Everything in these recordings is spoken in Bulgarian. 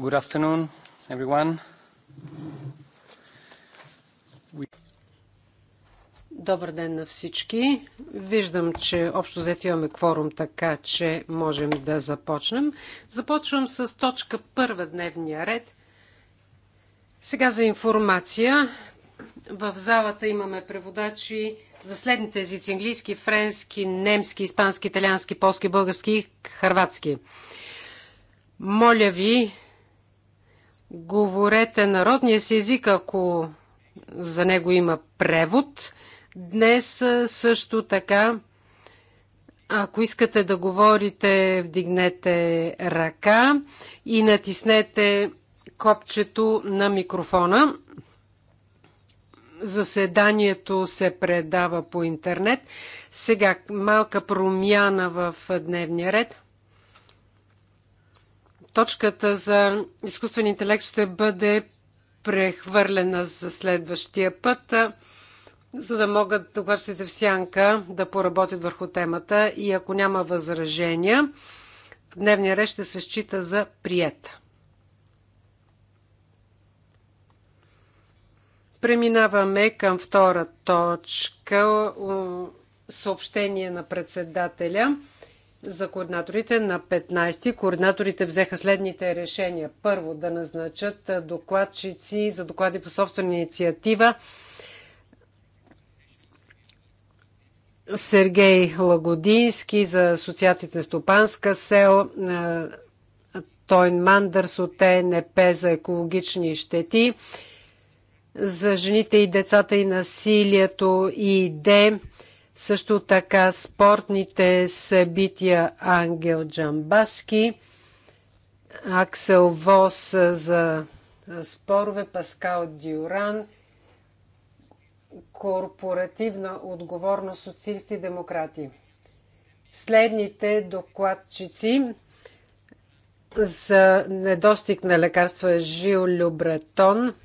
Good afternoon, everyone. Добър ден на всички. Виждам, че общо взето имаме кворум, така че можем да започнем. Започвам с точка първа дневния ред. Сега за информация. В залата имаме преводачи за следните езици. Английски, френски, немски, испански, италиански, полски, български и хърватски. Моля ви, говорете народния си език, ако за него има превод. Днес също така, ако искате да говорите, вдигнете ръка и натиснете копчето на микрофона. Заседанието се предава по интернет. Сега малка промяна в дневния ред – точката за изкуствен интелект ще бъде прехвърлена за следващия път, за да могат докладчиците в сянка да поработят върху темата и ако няма възражения, дневния ред ще се счита за прият. Преминаваме към втора точка съобщение на председателя – за координаторите на 15. Координаторите взеха следните решения. Първо, да назначат докладчици за доклади по собствена инициатива. Сергей Лагодински за Асоциацията Стопанска сел, Тойн Мандърс от ЕНП за екологични щети, за жените и децата и насилието и ДЕМ. Също така спортните събития Ангел Джамбаски, Аксел Вос за спорове, Паскал Дюран, корпоративна отговорност социалисти и демократи. Следните докладчици за недостиг на лекарства е Жил Любретон –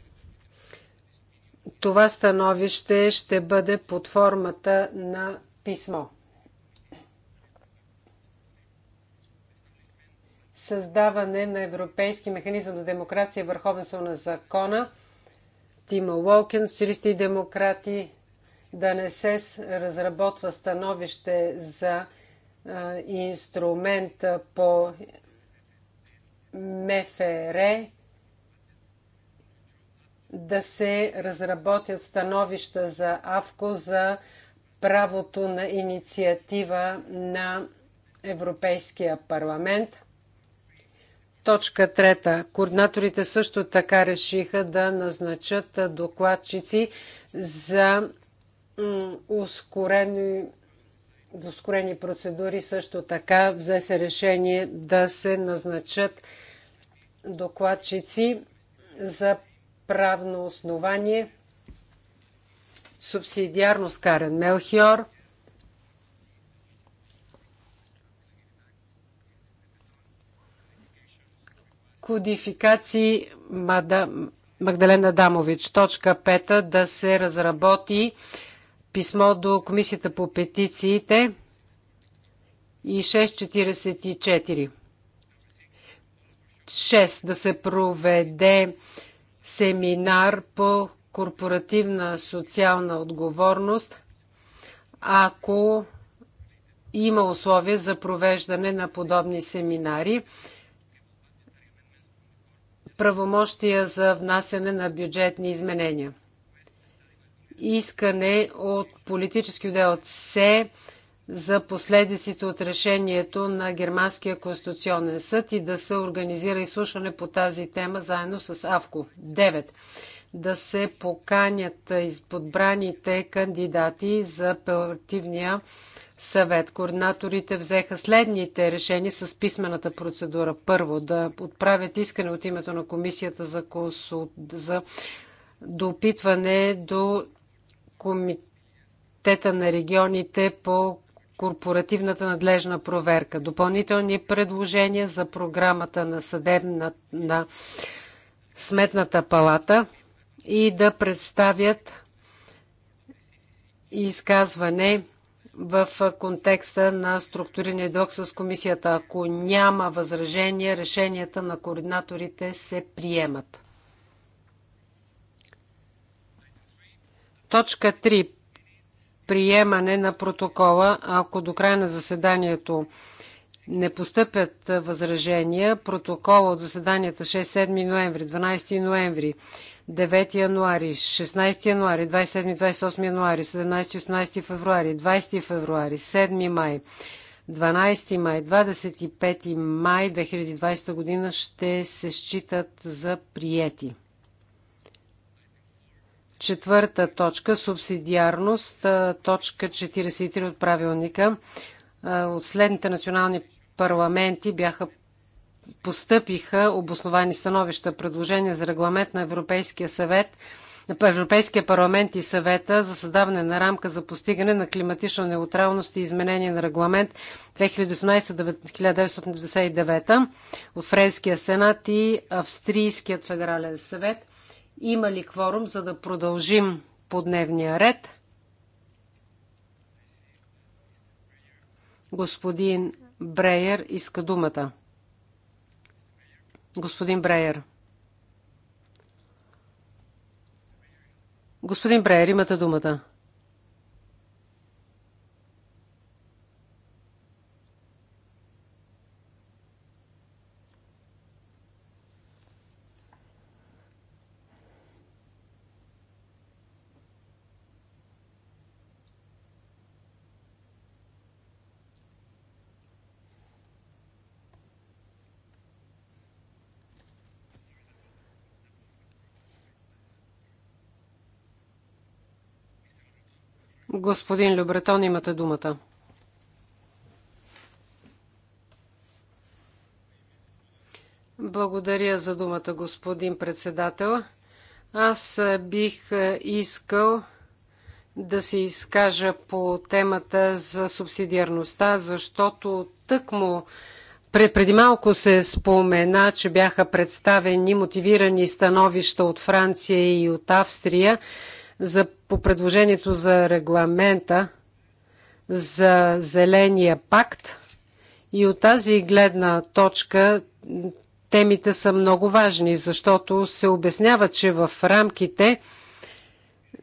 това становище ще бъде под формата на писмо. Създаване на Европейски механизъм за демокрация и върховенство на закона. Тима Уолкен, социалисти и демократи, да не се разработва становище за инструмент по МФР да се разработят становища за АВКО за правото на инициатива на Европейския парламент. Точка трета. Координаторите също така решиха да назначат докладчици за ускорени, за ускорени процедури. Също така взе се решение да се назначат докладчици за правно основание. Субсидиарност Карен Мелхиор. Кодификации Мада, Магдалена Дамович. Точка 5 да се разработи писмо до Комисията по петициите и 644. 6. Да се проведе семинар по корпоративна социална отговорност, ако има условия за провеждане на подобни семинари. Правомощия за внасяне на бюджетни изменения. Искане от политически отдел С за последиците от решението на Германския конституционен съд и да се организира изслушване по тази тема заедно с АВКО. 9. Да се поканят подбраните кандидати за апелативния съвет. Координаторите взеха следните решения с писмената процедура. Първо, да отправят искане от името на комисията за, консул... за допитване до комитета на регионите по корпоративната надлежна проверка, допълнителни предложения за програмата на съдебна на Сметната палата и да представят изказване в контекста на структурирания дълг с комисията. Ако няма възражения, решенията на координаторите се приемат. Точка 3 приемане на протокола. Ако до края на заседанието не постъпят възражения, протокола от заседанията 6-7 ноември, 12 ноември, 9 януари, 16 януари, 27-28 януари, 17-18 февруари, 20 февруари, 7 май, 12 май, 25 май 2020 година ще се считат за приети. Четвърта точка субсидиарност, точка 43 от правилника. От следните национални парламенти бяха постъпиха обосновани становища, предложения за регламент на Европейския съвет Европейския парламент и съвета за създаване на рамка за постигане на климатична неутралност и изменение на регламент 2018-1999 от Френския сенат и Австрийският федерален съвет има ли кворум, за да продължим по дневния ред? Господин Бреер иска думата. Господин Бреер. Господин Бреер, имате думата. Господин Любретон, имате думата. Благодаря за думата, господин председател. Аз е, бих е, искал да се изкажа по темата за субсидиарността, защото тъкмо преди малко се спомена, че бяха представени мотивирани становища от Франция и от Австрия за, по предложението за регламента за Зеления пакт. И от тази гледна точка темите са много важни, защото се обяснява, че в рамките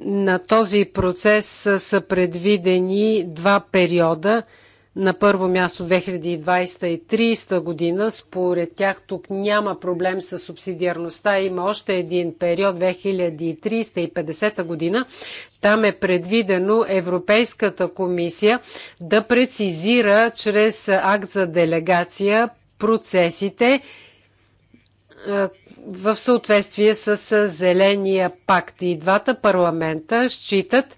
на този процес са предвидени два периода – на първо място 2020 и 2030 година. Според тях тук няма проблем с субсидиарността. Има още един период 2030 и 50 година. Там е предвидено Европейската комисия да прецизира чрез акт за делегация процесите е, в съответствие с е, Зеления пакт. И двата парламента считат,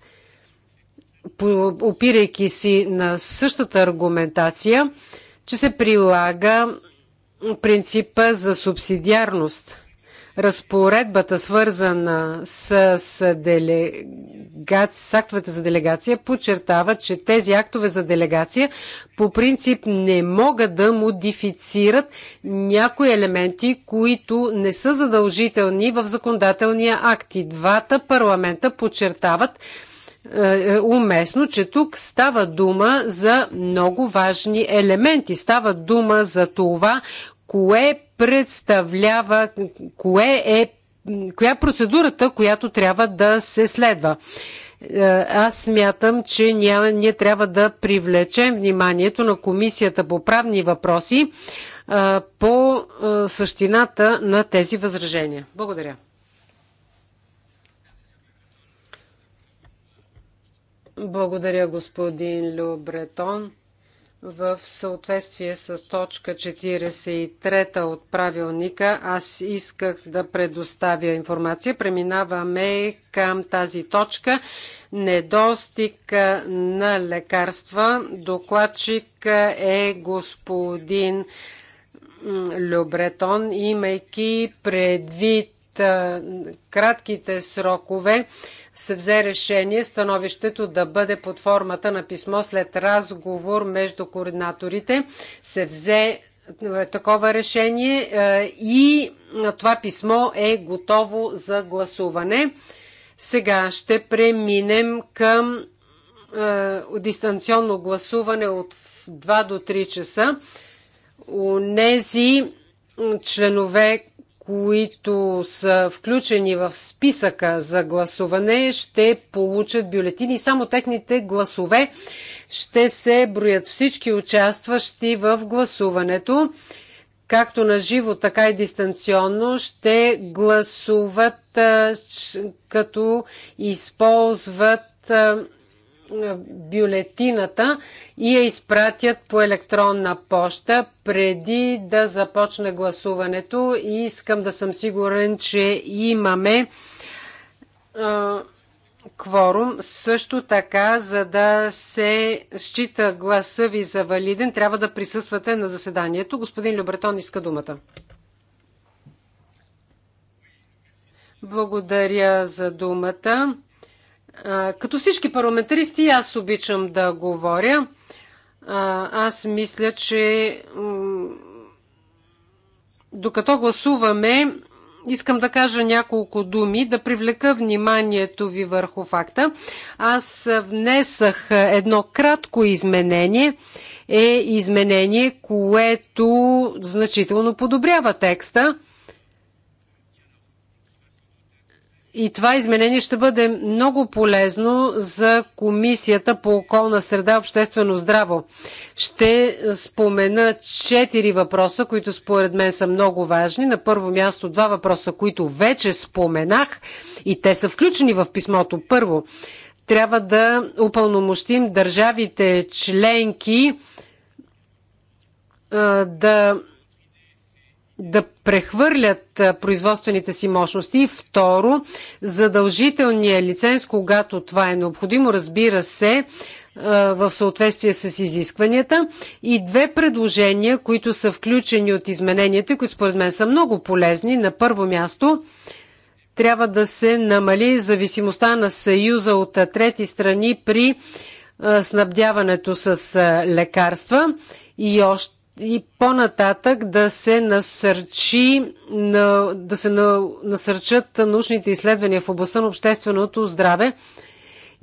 опирайки си на същата аргументация, че се прилага принципа за субсидиарност. Разпоредбата, свързана с, с, делега... с актовете за делегация, подчертава, че тези актове за делегация по принцип не могат да модифицират някои елементи, които не са задължителни в законодателния акт. И двата парламента подчертават, е, е уместно, че тук става дума за много важни елементи. Става дума за това, кое представлява, кое е, коя е процедурата, която трябва да се следва. Е, аз смятам, че ние, ние трябва да привлечем вниманието на Комисията по правни въпроси а, е, по същината на тези възражения. Благодаря. Благодаря, господин Любретон, В съответствие с точка 43 от правилника, аз исках да предоставя информация. Преминаваме към тази точка. Недостиг на лекарства. Докладчик е господин Любретон, имайки предвид кратките срокове се взе решение становището да бъде под формата на писмо след разговор между координаторите. Се взе такова решение и това писмо е готово за гласуване. Сега ще преминем към дистанционно гласуване от 2 до 3 часа. Унези членове, които са включени в списъка за гласуване, ще получат бюлетини. Само техните гласове ще се броят всички участващи в гласуването. Както на живо, така и дистанционно ще гласуват като използват бюлетината и я изпратят по електронна поща преди да започне гласуването. И искам да съм сигурен, че имаме кворум. Също така, за да се счита гласа ви за валиден, трябва да присъствате на заседанието. Господин Любретон иска думата. Благодаря за думата. Като всички парламентаристи, аз обичам да говоря. Аз мисля, че докато гласуваме, искам да кажа няколко думи, да привлека вниманието ви върху факта. Аз внесах едно кратко изменение. Е изменение, което значително подобрява текста. И това изменение ще бъде много полезно за Комисията по околна среда и обществено здраво. Ще спомена четири въпроса, които според мен са много важни. На първо място два въпроса, които вече споменах и те са включени в писмото. Първо, трябва да упълномощим държавите членки да да прехвърлят производствените си мощности. И второ, задължителния лиценз, когато това е необходимо, разбира се, в съответствие с изискванията и две предложения, които са включени от измененията, които според мен са много полезни. На първо място трябва да се намали зависимостта на Съюза от трети страни при снабдяването с лекарства и още и по-нататък да се насърчи, на, да се на, насърчат научните изследвания в областта на общественото здраве.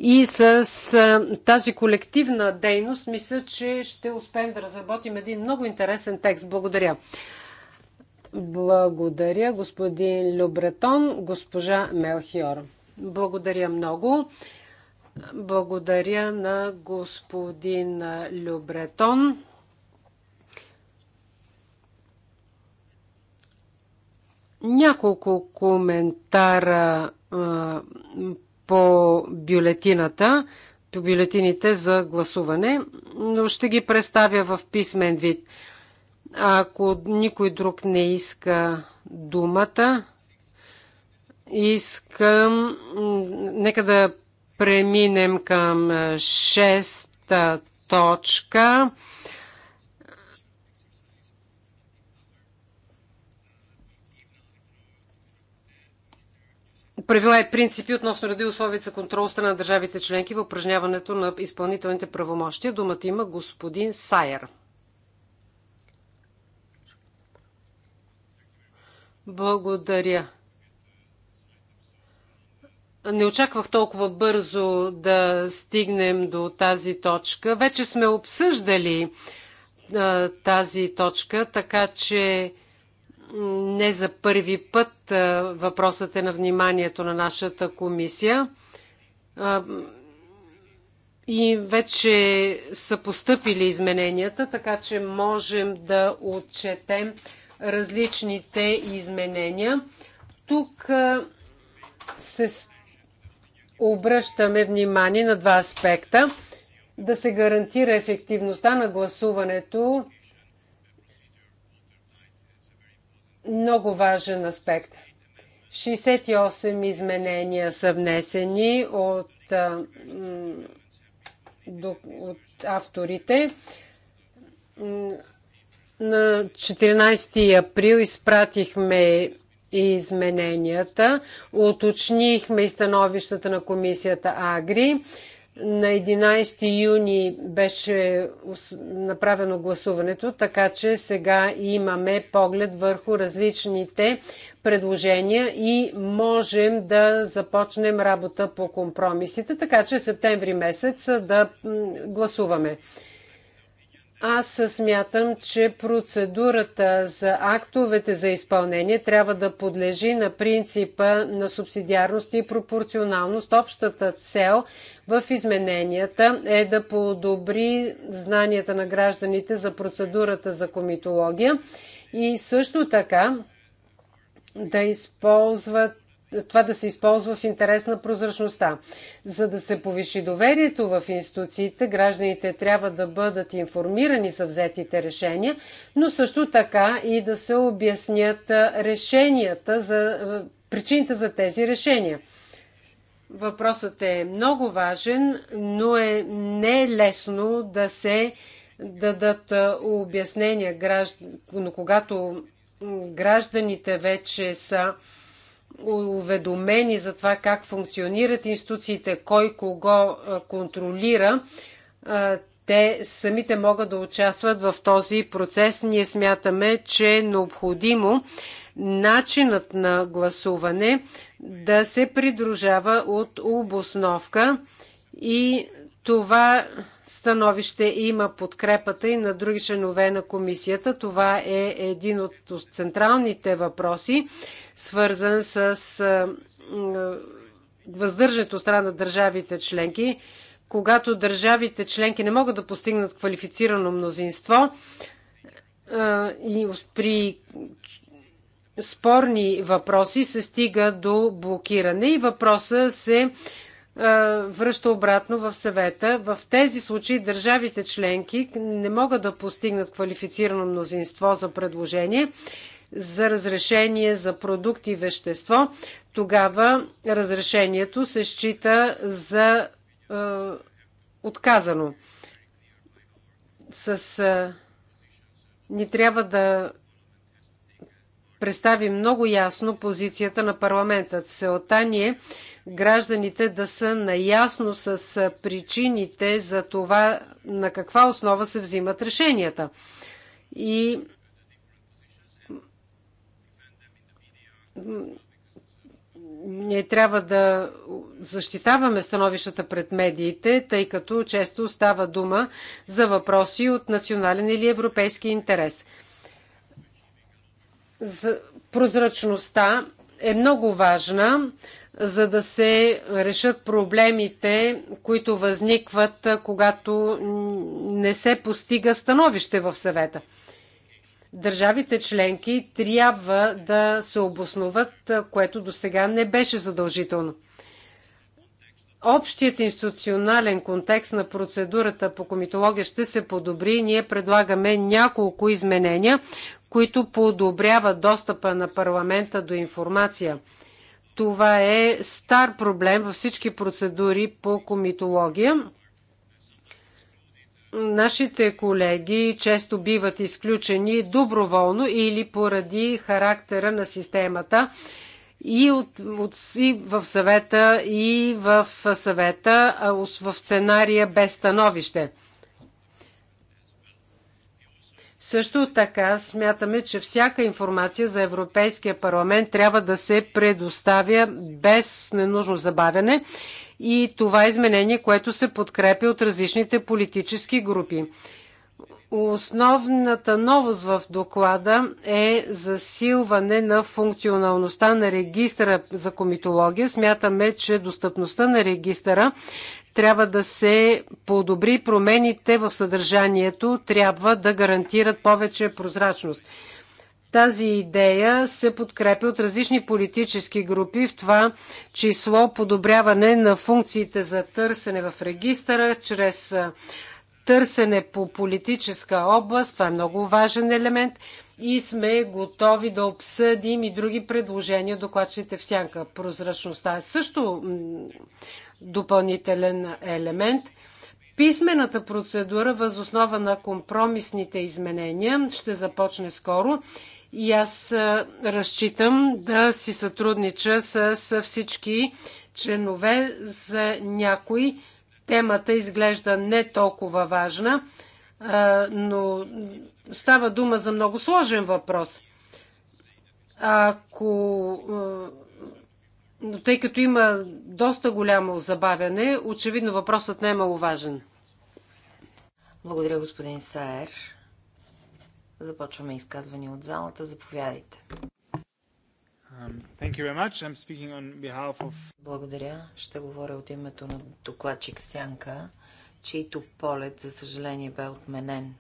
И с, с тази колективна дейност мисля, че ще успеем да разработим един много интересен текст. Благодаря. Благодаря, господин Любретон, госпожа Мелхиор. Благодаря много. Благодаря на господин Любретон Няколко коментара а, по бюлетината, по бюлетините за гласуване, но ще ги представя в писмен вид. Ако никой друг не иска думата, искам. Нека да преминем към шеста точка правила и принципи относно ради и условия за контрол страна на държавите членки в упражняването на изпълнителните правомощия. Думата има господин Сайер. Благодаря. Не очаквах толкова бързо да стигнем до тази точка. Вече сме обсъждали а, тази точка, така че не за първи път въпросът е на вниманието на нашата комисия. И вече са поступили измененията, така че можем да отчетем различните изменения. Тук се обръщаме внимание на два аспекта. Да се гарантира ефективността на гласуването много важен аспект. 68 изменения са внесени от, от авторите. На 14 април изпратихме измененията, уточнихме и становищата на комисията Агри. На 11 юни беше направено гласуването, така че сега имаме поглед върху различните предложения и можем да започнем работа по компромисите, така че септември месец да гласуваме. Аз смятам, че процедурата за актовете за изпълнение трябва да подлежи на принципа на субсидиарност и пропорционалност. Общата цел в измененията е да подобри знанията на гражданите за процедурата за комитология и също така да използват това да се използва в интерес на прозрачността. За да се повиши доверието в институциите, гражданите трябва да бъдат информирани за взетите решения, но също така и да се обяснят решенията за причините за тези решения. Въпросът е много важен, но е не лесно да се дадат обяснения, но когато гражданите вече са уведомени за това как функционират институциите, кой кого контролира, те самите могат да участват в този процес. Ние смятаме, че е необходимо начинът на гласуване да се придружава от обосновка и това становище има подкрепата и на други членове на комисията. Това е един от централните въпроси, свързан с въздържането страна на държавите членки. Когато държавите членки не могат да постигнат квалифицирано мнозинство и при спорни въпроси се стига до блокиране и въпроса се връща обратно в съвета. В тези случаи държавите членки не могат да постигнат квалифицирано мнозинство за предложение за разрешение за продукт и вещество, тогава разрешението се счита за е, отказано. С, е, ни трябва да представи много ясно позицията на парламента. Целта ни е гражданите да са наясно с причините за това на каква основа се взимат решенията. И ние трябва да защитаваме становищата пред медиите, тъй като често става дума за въпроси от национален или европейски интерес. За прозрачността е много важна, за да се решат проблемите, които възникват, когато не се постига становище в съвета. Държавите членки трябва да се обосноват, което до сега не беше задължително. Общият институционален контекст на процедурата по комитология ще се подобри. Ние предлагаме няколко изменения, които подобряват достъпа на парламента до информация. Това е стар проблем във всички процедури по комитология. Нашите колеги често биват изключени доброволно или поради характера на системата и, от, от, и в съвета, и в съвета, в сценария без становище. Също така смятаме, че всяка информация за Европейския парламент трябва да се предоставя без ненужно забавяне и това изменение, което се подкрепи от различните политически групи. Основната новост в доклада е засилване на функционалността на регистъра за комитология. Смятаме, че достъпността на регистъра трябва да се подобри промените в съдържанието, трябва да гарантират повече прозрачност. Тази идея се подкрепя от различни политически групи, в това число подобряване на функциите за търсене в регистъра чрез търсене по политическа област. Това е много важен елемент и сме готови да обсъдим и други предложения, докладчите в сянка. Прозрачността е също допълнителен елемент. Писмената процедура възоснова на компромисните изменения ще започне скоро и аз разчитам да си сътруднича с, с всички членове за някои. Темата изглежда не толкова важна, но става дума за много сложен въпрос. Ако но тъй като има доста голямо забавяне, очевидно въпросът не е маловажен. Благодаря, господин Саер. Започваме изказвания от залата. Заповядайте. Um, of... Благодаря. Ще говоря от името на докладчик в Сянка, чийто полет, за съжаление, бе отменен.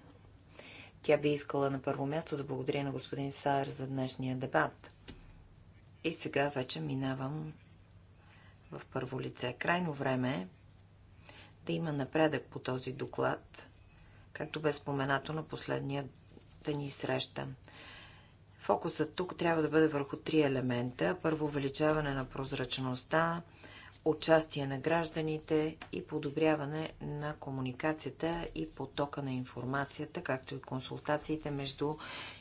Тя би искала на първо място да благодаря на господин Саер за днешния дебат. И сега вече минавам в първо лице. Крайно време е да има напредък по този доклад, както бе споменато на последнията ни среща. Фокусът тук трябва да бъде върху три елемента. Първо, увеличаване на прозрачността, участие на гражданите и подобряване на комуникацията и потока на информацията, както и консултациите между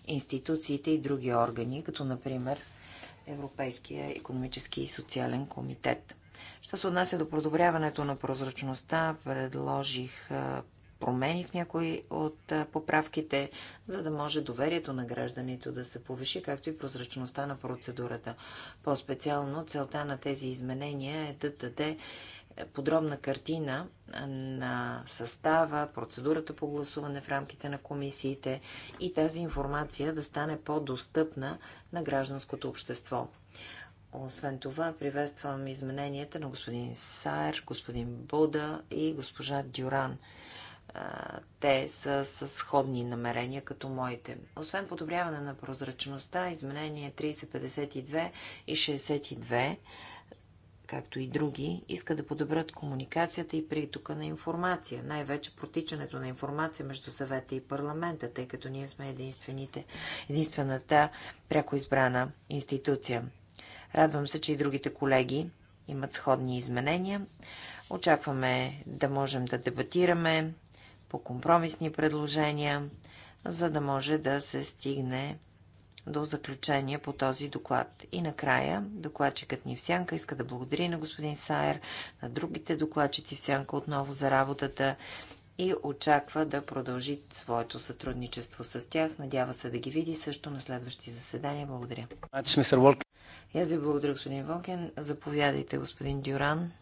институциите и други органи, като например Европейския економически и социален комитет. Що се отнася до подобряването на прозрачността, предложих промени в някои от поправките, за да може доверието на гражданите да се повиши, както и прозрачността на процедурата. По-специално целта на тези изменения е да даде подробна картина на състава, процедурата по гласуване в рамките на комисиите и тази информация да стане по-достъпна на гражданското общество. Освен това, приветствам измененията на господин Сайер, господин Буда и госпожа Дюран. Те са с сходни намерения като моите. Освен подобряване на прозрачността, изменение 3052 и 62 както и други, иска да подобрят комуникацията и притока на информация, най-вече протичането на информация между съвета и парламента, тъй като ние сме единствените, единствената пряко избрана институция. Радвам се, че и другите колеги имат сходни изменения. Очакваме да можем да дебатираме по компромисни предложения, за да може да се стигне до заключение по този доклад. И накрая, докладчикът ни в Сянка иска да благодари на господин Сайер, на другите докладчици в Сянка отново за работата и очаква да продължи своето сътрудничество с тях. Надява се да ги види също на следващи заседания. Благодаря. И аз ви благодаря, господин Волкен. Заповядайте, господин Дюран.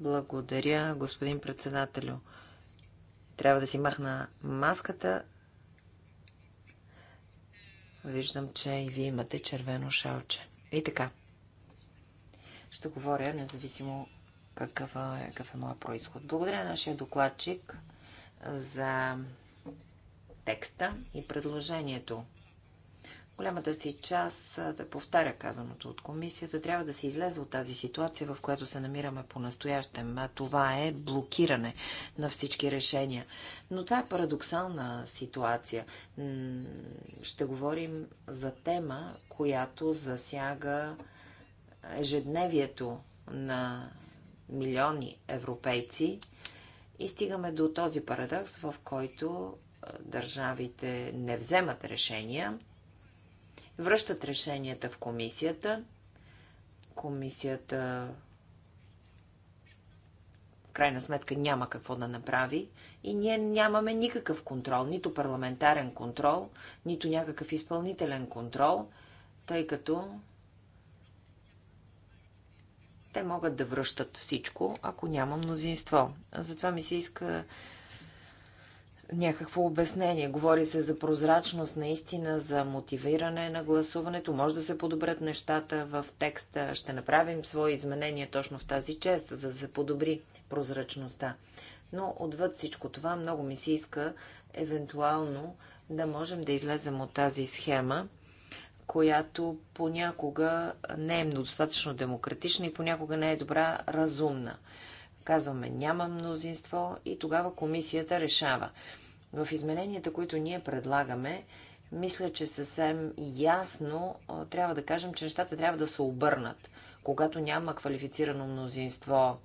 Благодаря, господин председателю. Трябва да си махна маската, Виждам, че и вие имате червено шалче. И така. Ще говоря, независимо какъв е, какъв е моят происход. Благодаря нашия докладчик за текста и предложението голямата си част да повтаря казаното от комисията. Трябва да се излезе от тази ситуация, в която се намираме по-настоящем. Това е блокиране на всички решения. Но това е парадоксална ситуация. Ще говорим за тема, която засяга ежедневието на милиони европейци и стигаме до този парадокс, в който държавите не вземат решения, връщат решенията в комисията. Комисията в крайна сметка няма какво да направи и ние нямаме никакъв контрол, нито парламентарен контрол, нито някакъв изпълнителен контрол, тъй като те могат да връщат всичко, ако няма мнозинство. Затова ми се иска някакво обяснение. Говори се за прозрачност, наистина, за мотивиране на гласуването. Може да се подобрят нещата в текста. Ще направим свои изменения точно в тази чест, за да се подобри прозрачността. Но отвъд всичко това, много ми се иска евентуално да можем да излезем от тази схема, която понякога не е достатъчно демократична и понякога не е добра разумна. Казваме, няма мнозинство и тогава комисията решава. В измененията, които ние предлагаме, мисля, че съвсем ясно трябва да кажем, че нещата трябва да се обърнат. Когато няма квалифицирано мнозинство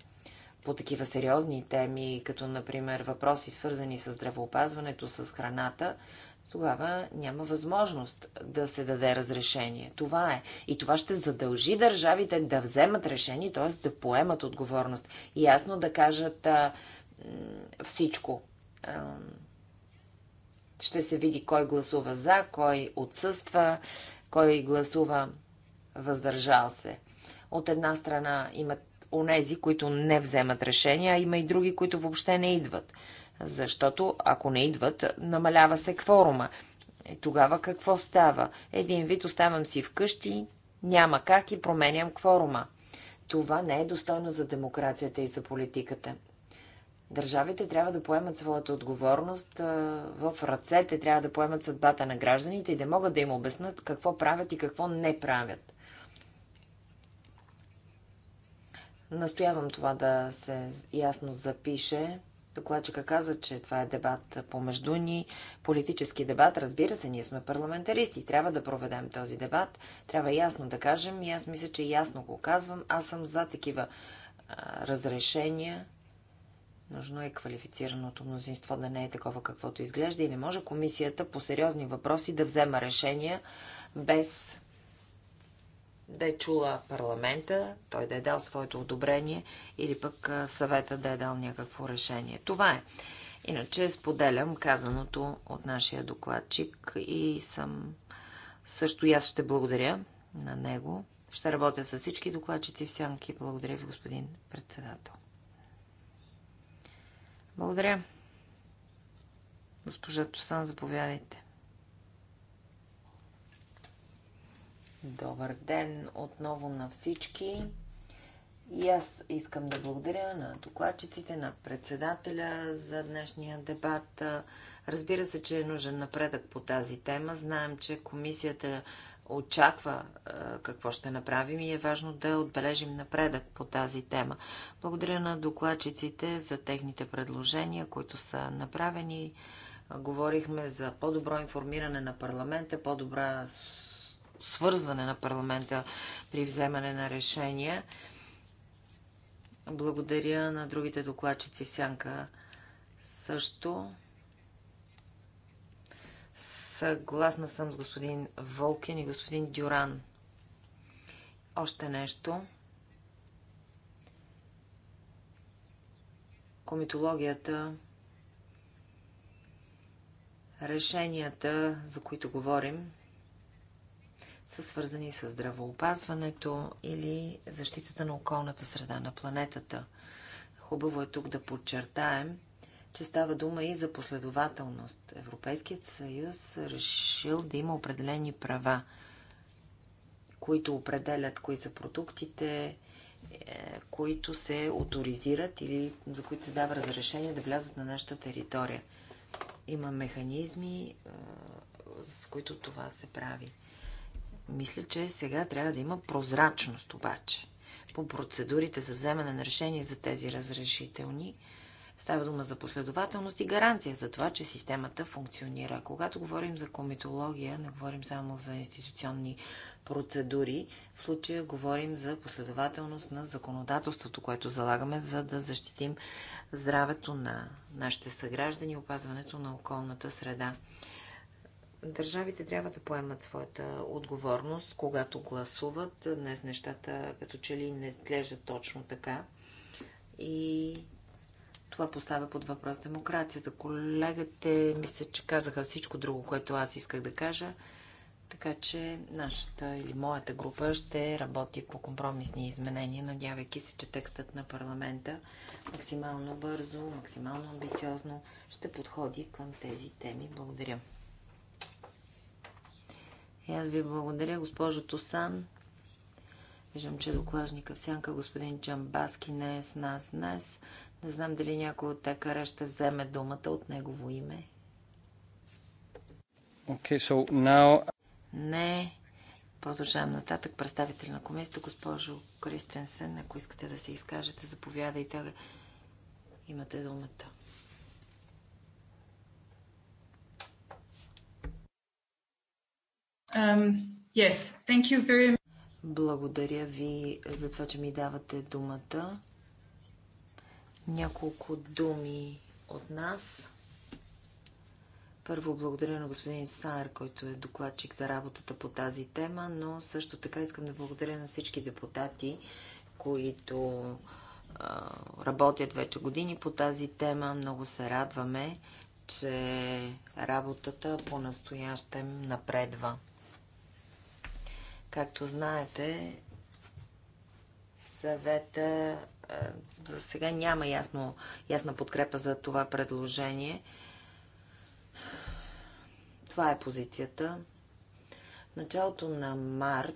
по такива сериозни теми, като например въпроси свързани с здравеопазването, с храната, тогава няма възможност да се даде разрешение. Това е. И това ще задължи държавите да вземат решение, т.е. да поемат отговорност. И ясно да кажат а, всичко. А, ще се види кой гласува за, кой отсъства, кой гласува въздържал се. От една страна имат онези, които не вземат решения, а има и други, които въобще не идват. Защото ако не идват, намалява се кворума. Е, тогава какво става? Един вид оставам си вкъщи, няма как и променям кворума. Това не е достойно за демокрацията и за политиката. Държавите трябва да поемат своята отговорност в ръцете, трябва да поемат съдбата на гражданите и да могат да им обяснат какво правят и какво не правят. Настоявам това да се ясно запише Докладчика каза, че това е дебат помежду ни, политически дебат. Разбира се, ние сме парламентаристи. Трябва да проведем този дебат. Трябва ясно да кажем и аз мисля, че ясно го казвам. Аз съм за такива а, разрешения. Нужно е квалифицираното мнозинство да не е такова каквото изглежда и не може комисията по сериозни въпроси да взема решения без да е чула парламента, той да е дал своето одобрение или пък съвета да е дал някакво решение. Това е. Иначе споделям казаното от нашия докладчик и съм също и аз ще благодаря на него. Ще работя с всички докладчици в сянки. Благодаря ви, господин председател. Благодаря. Госпожа Тосан, заповядайте. Добър ден отново на всички. И аз искам да благодаря на докладчиците, на председателя за днешния дебат. Разбира се, че е нужен напредък по тази тема. Знаем, че комисията очаква е, какво ще направим и е важно да отбележим напредък по тази тема. Благодаря на докладчиците за техните предложения, които са направени. Говорихме за по-добро информиране на парламента, по-добра свързване на парламента при вземане на решения. Благодаря на другите докладчици в Сянка също. Съгласна съм с господин Волкин и господин Дюран. Още нещо. Комитологията, решенията, за които говорим, са свързани с здравоопазването или защитата на околната среда на планетата. Хубаво е тук да подчертаем, че става дума и за последователност. Европейският съюз решил да има определени права, които определят кои са продуктите, е, които се авторизират или за които се дава разрешение да влязат на нашата територия. Има механизми, е, с които това се прави. Мисля, че сега трябва да има прозрачност обаче по процедурите за вземане на решение за тези разрешителни. Става дума за последователност и гаранция за това, че системата функционира. Когато говорим за комитология, не говорим само за институционни процедури. В случая говорим за последователност на законодателството, което залагаме, за да защитим здравето на нашите съграждани и опазването на околната среда. Държавите трябва да поемат своята отговорност, когато гласуват. Днес нещата като че ли не изглеждат точно така. И това поставя под въпрос демокрацията. Колегите мисля, че казаха всичко друго, което аз исках да кажа. Така че нашата или моята група ще работи по компромисни изменения, надявайки се, че текстът на парламента максимално бързо, максимално амбициозно ще подходи към тези теми. Благодаря. И аз ви благодаря, госпожо Тосан. Виждам, че доклажника в сянка господин Джамбаски не е с нас днес. Не знам дали някой от текаре ще вземе думата от негово име. Okay, so now... Не. Продължавам нататък. Представител на комисията, госпожо Кристенсен, ако искате да се изкажете, заповядайте. Имате думата. Um, yes, thank you very much. Благодаря ви за това, че ми давате думата. Няколко думи от нас. Първо благодаря на господин Сар, който е докладчик за работата по тази тема, но също така искам да благодаря на всички депутати, които а, работят вече години по тази тема. Много се радваме, че работата по-настоящем напредва. Както знаете, в съвета е, за сега няма ясно, ясна подкрепа за това предложение. Това е позицията. В началото на март,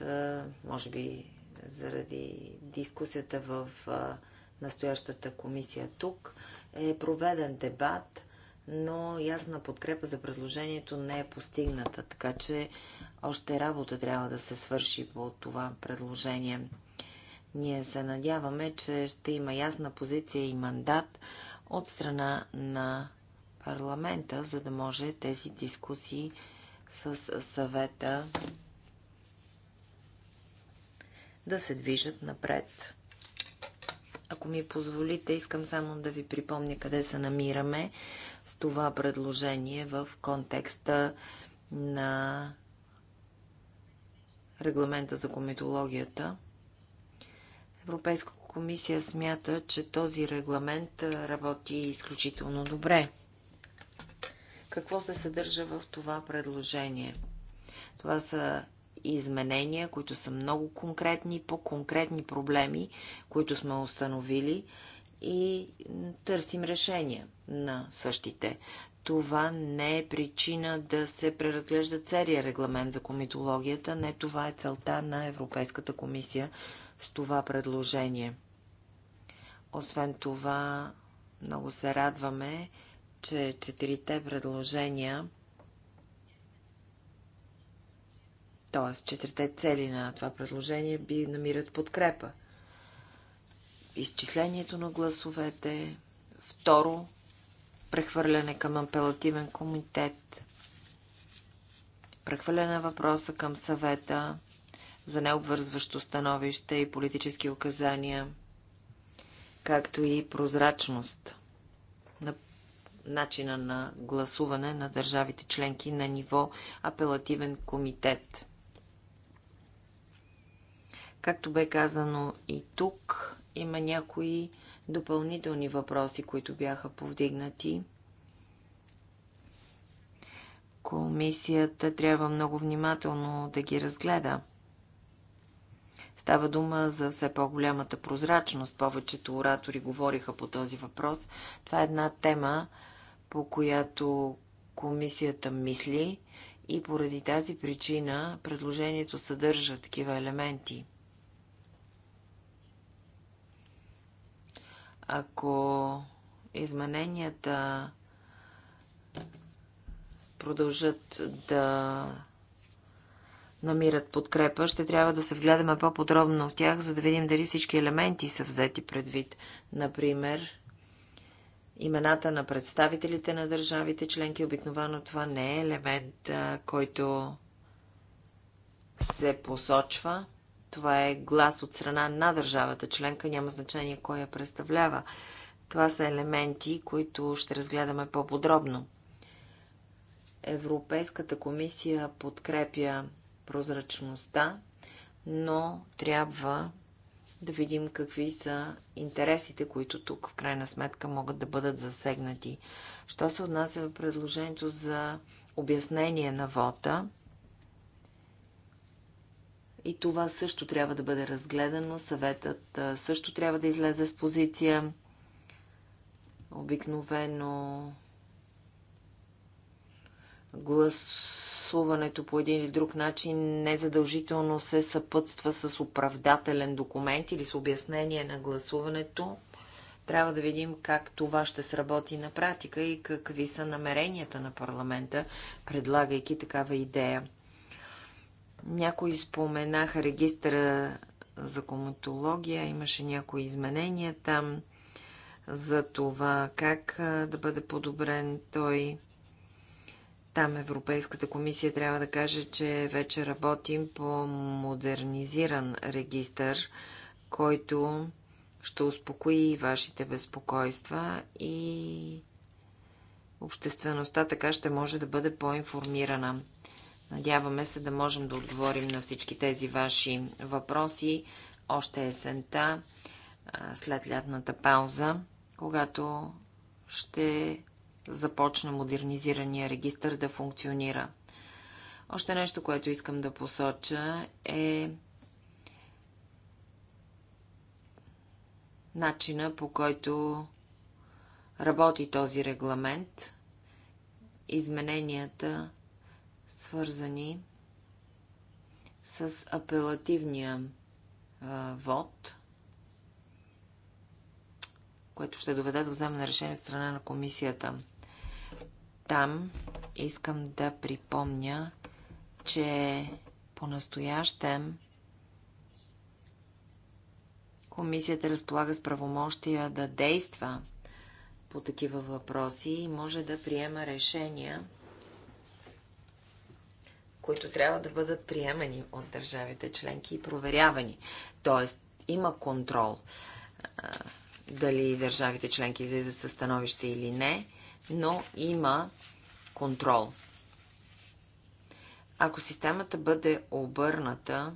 е, може би заради дискусията в е, настоящата комисия тук, е проведен дебат, но ясна подкрепа за предложението не е постигната. Така че още работа трябва да се свърши по това предложение. Ние се надяваме, че ще има ясна позиция и мандат от страна на парламента, за да може тези дискусии с съвета да се движат напред. Ако ми позволите, искам само да ви припомня къде се намираме с това предложение в контекста на регламента за кометологията. Европейска комисия смята, че този регламент работи изключително добре. Какво се съдържа в това предложение? Това са изменения, които са много конкретни по конкретни проблеми, които сме установили и търсим решения на същите това не е причина да се преразглежда целият регламент за комитологията. Не това е целта на Европейската комисия с това предложение. Освен това, много се радваме, че четирите предложения, т.е. четирите цели на това предложение би намират подкрепа. Изчислението на гласовете, второ, прехвърляне към апелативен комитет, прехвърляне на въпроса към съвета за необвързващо становище и политически указания, както и прозрачност на начина на гласуване на държавите членки на ниво апелативен комитет. Както бе казано и тук, има някои допълнителни въпроси, които бяха повдигнати. Комисията трябва много внимателно да ги разгледа. Става дума за все по-голямата прозрачност. Повечето оратори говориха по този въпрос. Това е една тема, по която комисията мисли и поради тази причина предложението съдържа такива елементи – Ако измененията продължат да намират подкрепа, ще трябва да се вгледаме по-подробно в тях, за да видим дали всички елементи са взети предвид. Например, имената на представителите на държавите членки. Обикновено това не е елемент, който се посочва. Това е глас от страна на държавата членка, няма значение кой я представлява. Това са елементи, които ще разгледаме по-подробно. Европейската комисия подкрепя прозрачността, но трябва да видим какви са интересите, които тук в крайна сметка могат да бъдат засегнати. Що се отнася в предложението за обяснение на вота, и това също трябва да бъде разгледано. Съветът също трябва да излезе с позиция. Обикновено гласуването по един или друг начин незадължително се съпътства с оправдателен документ или с обяснение на гласуването. Трябва да видим как това ще сработи на практика и какви са намеренията на парламента, предлагайки такава идея. Някои споменаха регистра за коматология, имаше някои изменения там за това как да бъде подобрен той. Там Европейската комисия трябва да каже, че вече работим по модернизиран регистър, който ще успокои вашите безпокойства и обществеността така ще може да бъде по-информирана. Надяваме се да можем да отговорим на всички тези ваши въпроси още есента, след лятната пауза, когато ще започне модернизирания регистр да функционира. Още нещо, което искам да посоча е начина по който работи този регламент, измененията свързани с апелативния а, вод, което ще доведе до вземане решение от страна на комисията. Там искам да припомня, че по-настоящем комисията разполага с правомощия да действа по такива въпроси и може да приема решения които трябва да бъдат приемани от държавите членки и проверявани. Тоест, има контрол дали държавите членки излизат със становище или не, но има контрол. Ако системата бъде обърната,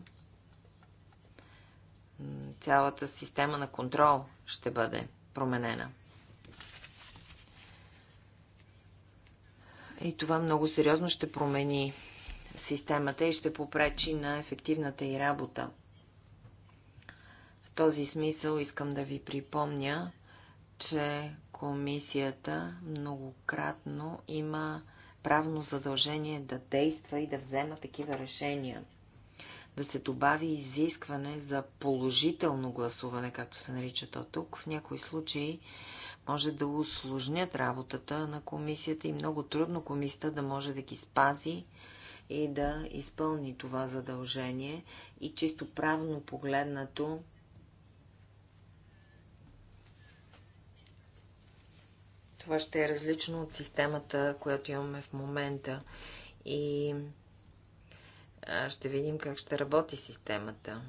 цялата система на контрол ще бъде променена. И това много сериозно ще промени системата и ще попречи на ефективната й работа. В този смисъл искам да ви припомня, че комисията многократно има правно задължение да действа и да взема такива решения. Да се добави изискване за положително гласуване, както се нарича то тук. В някои случаи може да усложнят работата на комисията и много трудно комисията да може да ги спази и е да изпълни това задължение и чисто правно погледнато това ще е различно от системата, която имаме в момента и ще видим как ще работи системата.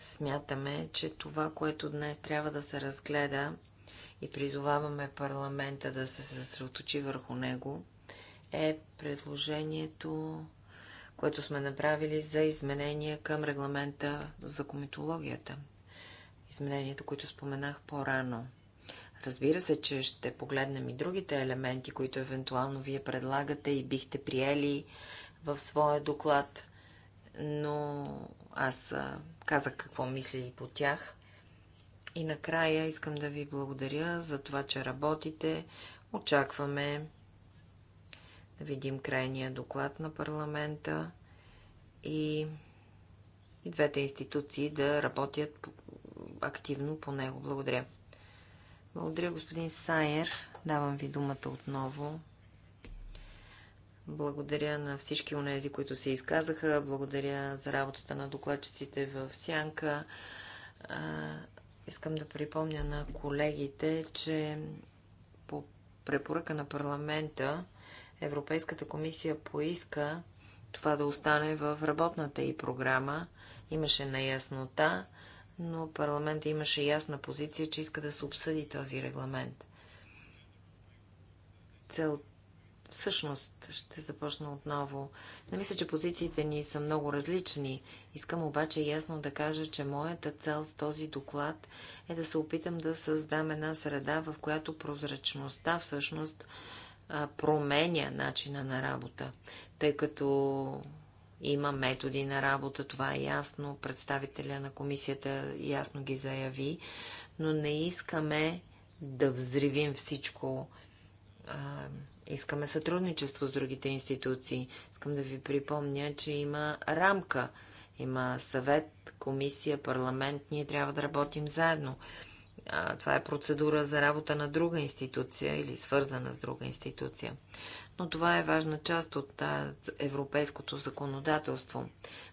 Смятаме, че това, което днес трябва да се разгледа и призоваваме парламента да се съсредоточи върху него – е предложението, което сме направили за изменения към регламента за комитологията. Измененията, които споменах по-рано. Разбира се, че ще погледнем и другите елементи, които евентуално вие предлагате и бихте приели в своя доклад, но аз казах какво мисля и по тях. И накрая искам да ви благодаря за това, че работите. Очакваме да видим крайния доклад на парламента и, и двете институции да работят активно по него. Благодаря. Благодаря, господин Сайер. Давам ви думата отново. Благодаря на всички онези, които се изказаха. Благодаря за работата на докладчиците в Сянка. А, искам да припомня на колегите, че по препоръка на парламента Европейската комисия поиска това да остане в работната и програма. Имаше неяснота, но парламент имаше ясна позиция, че иска да се обсъди този регламент. Цел всъщност ще започна отново. Не мисля, че позициите ни са много различни. Искам обаче ясно да кажа, че моята цел с този доклад е да се опитам да създам една среда, в която прозрачността всъщност променя начина на работа, тъй като има методи на работа, това е ясно, представителя на комисията ясно ги заяви, но не искаме да взривим всичко. искаме сътрудничество с другите институции. Искам да ви припомня, че има рамка. Има съвет, комисия, парламент. Ние трябва да работим заедно а, това е процедура за работа на друга институция или свързана с друга институция. Но това е важна част от а, европейското законодателство.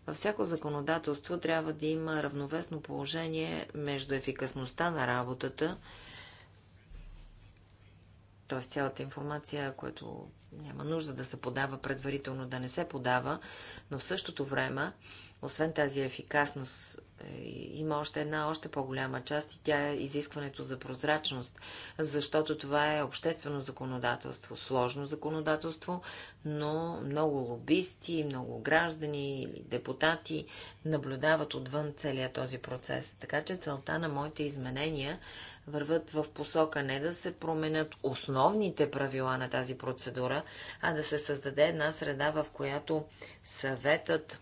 Във всяко законодателство трябва да има равновесно положение между ефикасността на работата, т.е. цялата информация, която няма нужда да се подава предварително, да не се подава, но в същото време, освен тази ефикасност има още една още по-голяма част и тя е изискването за прозрачност, защото това е обществено законодателство, сложно законодателство, но много лобисти, много граждани или депутати наблюдават отвън целият този процес. Така че целта на моите изменения върват в посока не да се променят основните правила на тази процедура, а да се създаде една среда, в която съветът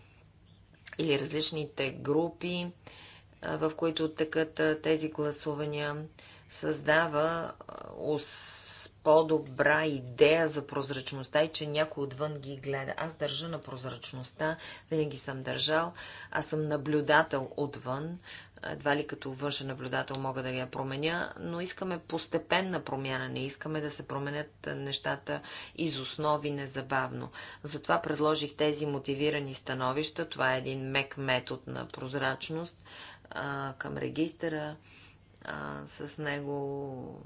или различните групи, в които тъкат тези гласувания, създава ос по-добра идея за прозрачността и че някой отвън ги гледа. Аз държа на прозрачността, винаги съм държал. Аз съм наблюдател отвън, едва ли като външен наблюдател мога да я променя, но искаме постепенна промяна. Не искаме да се променят нещата из основи незабавно. Затова предложих тези мотивирани становища. Това е един мек метод на прозрачност към регистъра. с него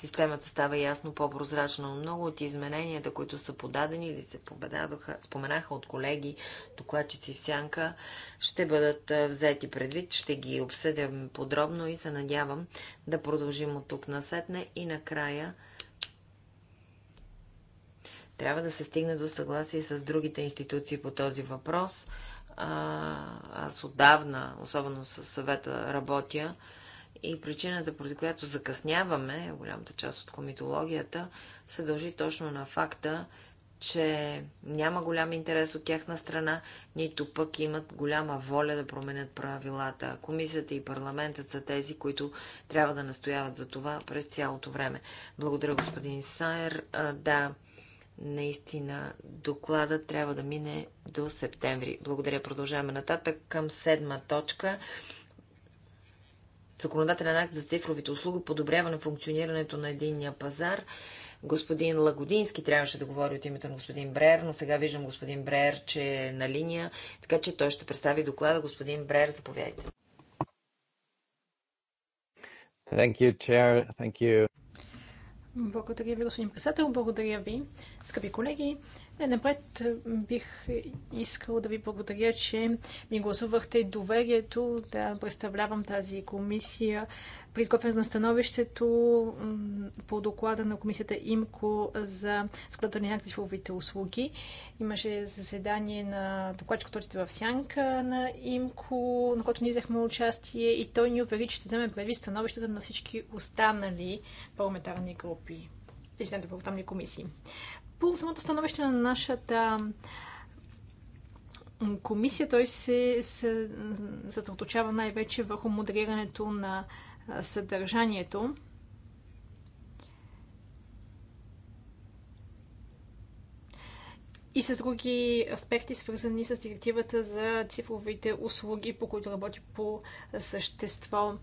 системата става ясно по-прозрачна. Много от измененията, които са подадени или се споменаха от колеги, докладчици в сянка, ще бъдат взети предвид. Ще ги обсъдям подробно и се надявам да продължим от тук насетне и накрая трябва да се стигне до съгласие с другите институции по този въпрос. аз отдавна, особено с съвета, работя и причината, поради която закъсняваме, голямата част от комитологията, се дължи точно на факта, че няма голям интерес от тяхна страна, нито пък имат голяма воля да променят правилата. Комисията и парламентът са тези, които трябва да настояват за това през цялото време. Благодаря, господин Сайер. Да, наистина докладът трябва да мине до септември. Благодаря. Продължаваме нататък към седма точка законодателен акт за цифровите услуги, подобряване функционирането на единния пазар. Господин Лагодински трябваше да говори от името на господин Брер, но сега виждам господин Брер, че е на линия, така че той ще представи доклада. Господин Брер, заповядайте. Thank you, Chair. Thank you. Благодаря ви, господин председател. Благодаря ви, скъпи колеги. Не, напред е, бих искал да ви благодаря, че ми гласувахте доверието да представлявам тази комисия при изготвянето на становището по доклада на комисията ИМКО за складателни акции цифровите услуги. Имаше заседание на докладчикоторите в Сянка на ИМКО, на което ние взехме участие и той ни увери, че ще вземе предвид становищата на всички останали парламентарни групи извинете, парламентарни комисии. По самото становище на нашата комисия, той се съсредоточава най-вече върху моделирането на съдържанието. и с други аспекти, свързани с директивата за цифровите услуги, по които работи по същество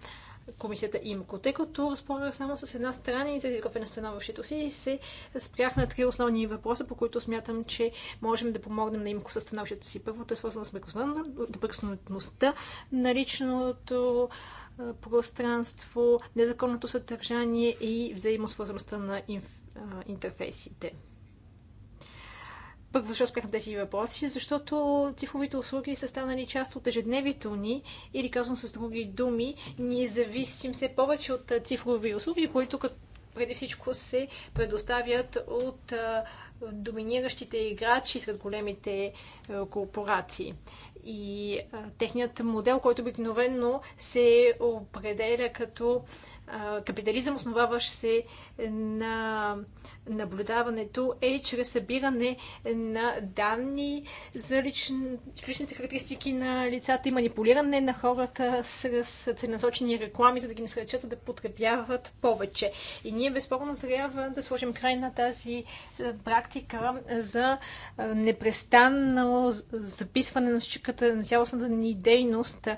комисията ИМКО. Тъй като разполагах само с една страница и на становището си и се спрях на три основни въпроса, по които смятам, че можем да помогнем на ИМКО с становището си. Първото е свързано с непрекъснатността на личното пространство, незаконното съдържание и взаимосвързаността на интерфейсите. Пък защо спрях тези въпроси? Защото цифровите услуги са станали част от ежедневието ни, или казвам с други думи, ние зависим все повече от цифрови услуги, които като преди всичко се предоставят от доминиращите играчи сред големите корпорации. И техният модел, който обикновено се определя като капитализъм, основаващ се на наблюдаването е чрез събиране на данни за лични, личните характеристики на лицата и манипулиране на хората с целенасочени реклами, за да ги насръчат да потребяват повече. И ние безспорно трябва да сложим край на тази е, практика за е, непрестанно записване на всичката на цялостната ни дейност е,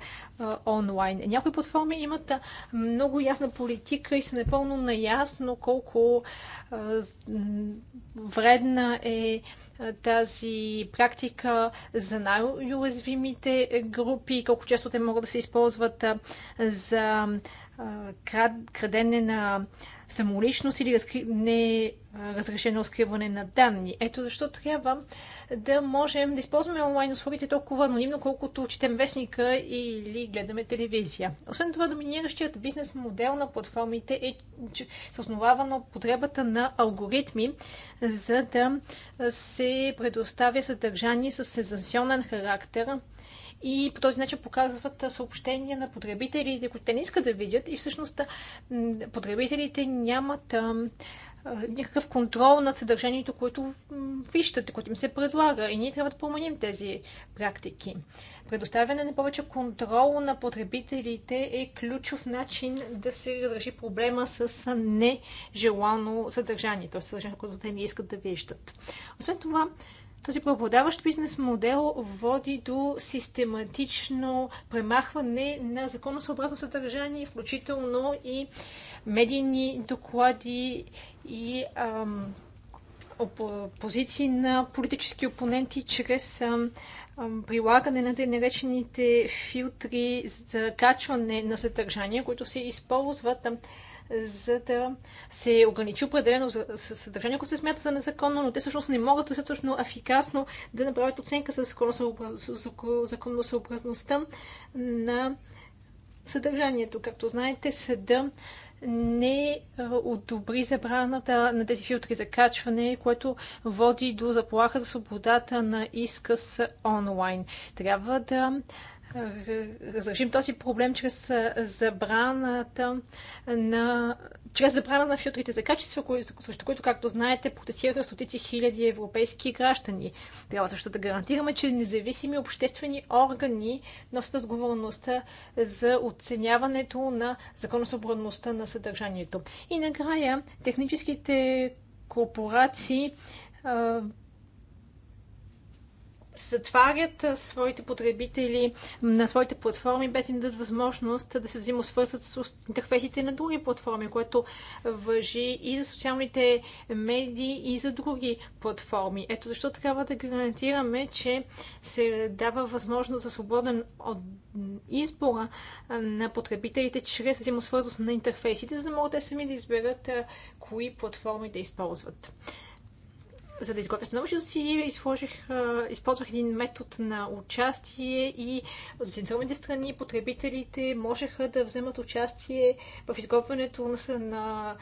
онлайн. Някои платформи имат много ясна политика и са напълно наясно колко вредна е тази практика за най-уязвимите групи, колко често те могат да се използват за крадене на самоличност или разкри... разрешено разкриване на данни. Ето защо трябва да можем да използваме онлайн услугите толкова анонимно, колкото четем вестника или гледаме телевизия. Освен това, доминиращият бизнес модел на платформите е, се основава на потребата на алгоритми, за да се предоставя съдържание с сезанционен характер и по този начин показват съобщения на потребителите, които те не искат да видят и всъщност потребителите нямат някакъв контрол над съдържанието, което виждате, което им се предлага. И ние трябва да променим тези практики. Предоставяне на повече контрол на потребителите е ключов начин да се разреши проблема с нежелано съдържание, т.е. съдържание, което те не искат да виждат. Освен това, този преобладаващ бизнес модел води до систематично премахване на законосъобразно съдържание, включително и медийни доклади и ам, позиции на политически опоненти чрез ам, прилагане на тъй наречените филтри за качване на съдържание, които се използват за да се ограничи определено съдържание, което се смята за незаконно, но те всъщност не могат достатъчно ефикасно да направят оценка за законосъобразността на съдържанието. Както знаете, съда не одобри забраната на тези филтри за качване, което води до заплаха за свободата на изказ онлайн. Трябва да е, разрешим този проблем чрез е, забраната на чрез забрана на филтрите за качество, срещу които, както знаете, протестираха стотици хиляди европейски граждани. Трябва също да гарантираме, че независими обществени органи носят отговорността за оценяването на законосъобразността на съдържанието. И накрая, техническите корпорации е, сътварят своите потребители на своите платформи, без да им дадат възможност да се взаимосвързват с интерфейсите на други платформи, което въжи и за социалните медии, и за други платформи. Ето защо трябва да гарантираме, че се дава възможност за свободен от избора на потребителите чрез взаимосвързост на интерфейсите, за да могат те сами да изберат кои платформи да използват за да изготвя становището си, изложих, използвах един метод на участие и заинтересованите страни, потребителите, можеха да вземат участие в изготвянето на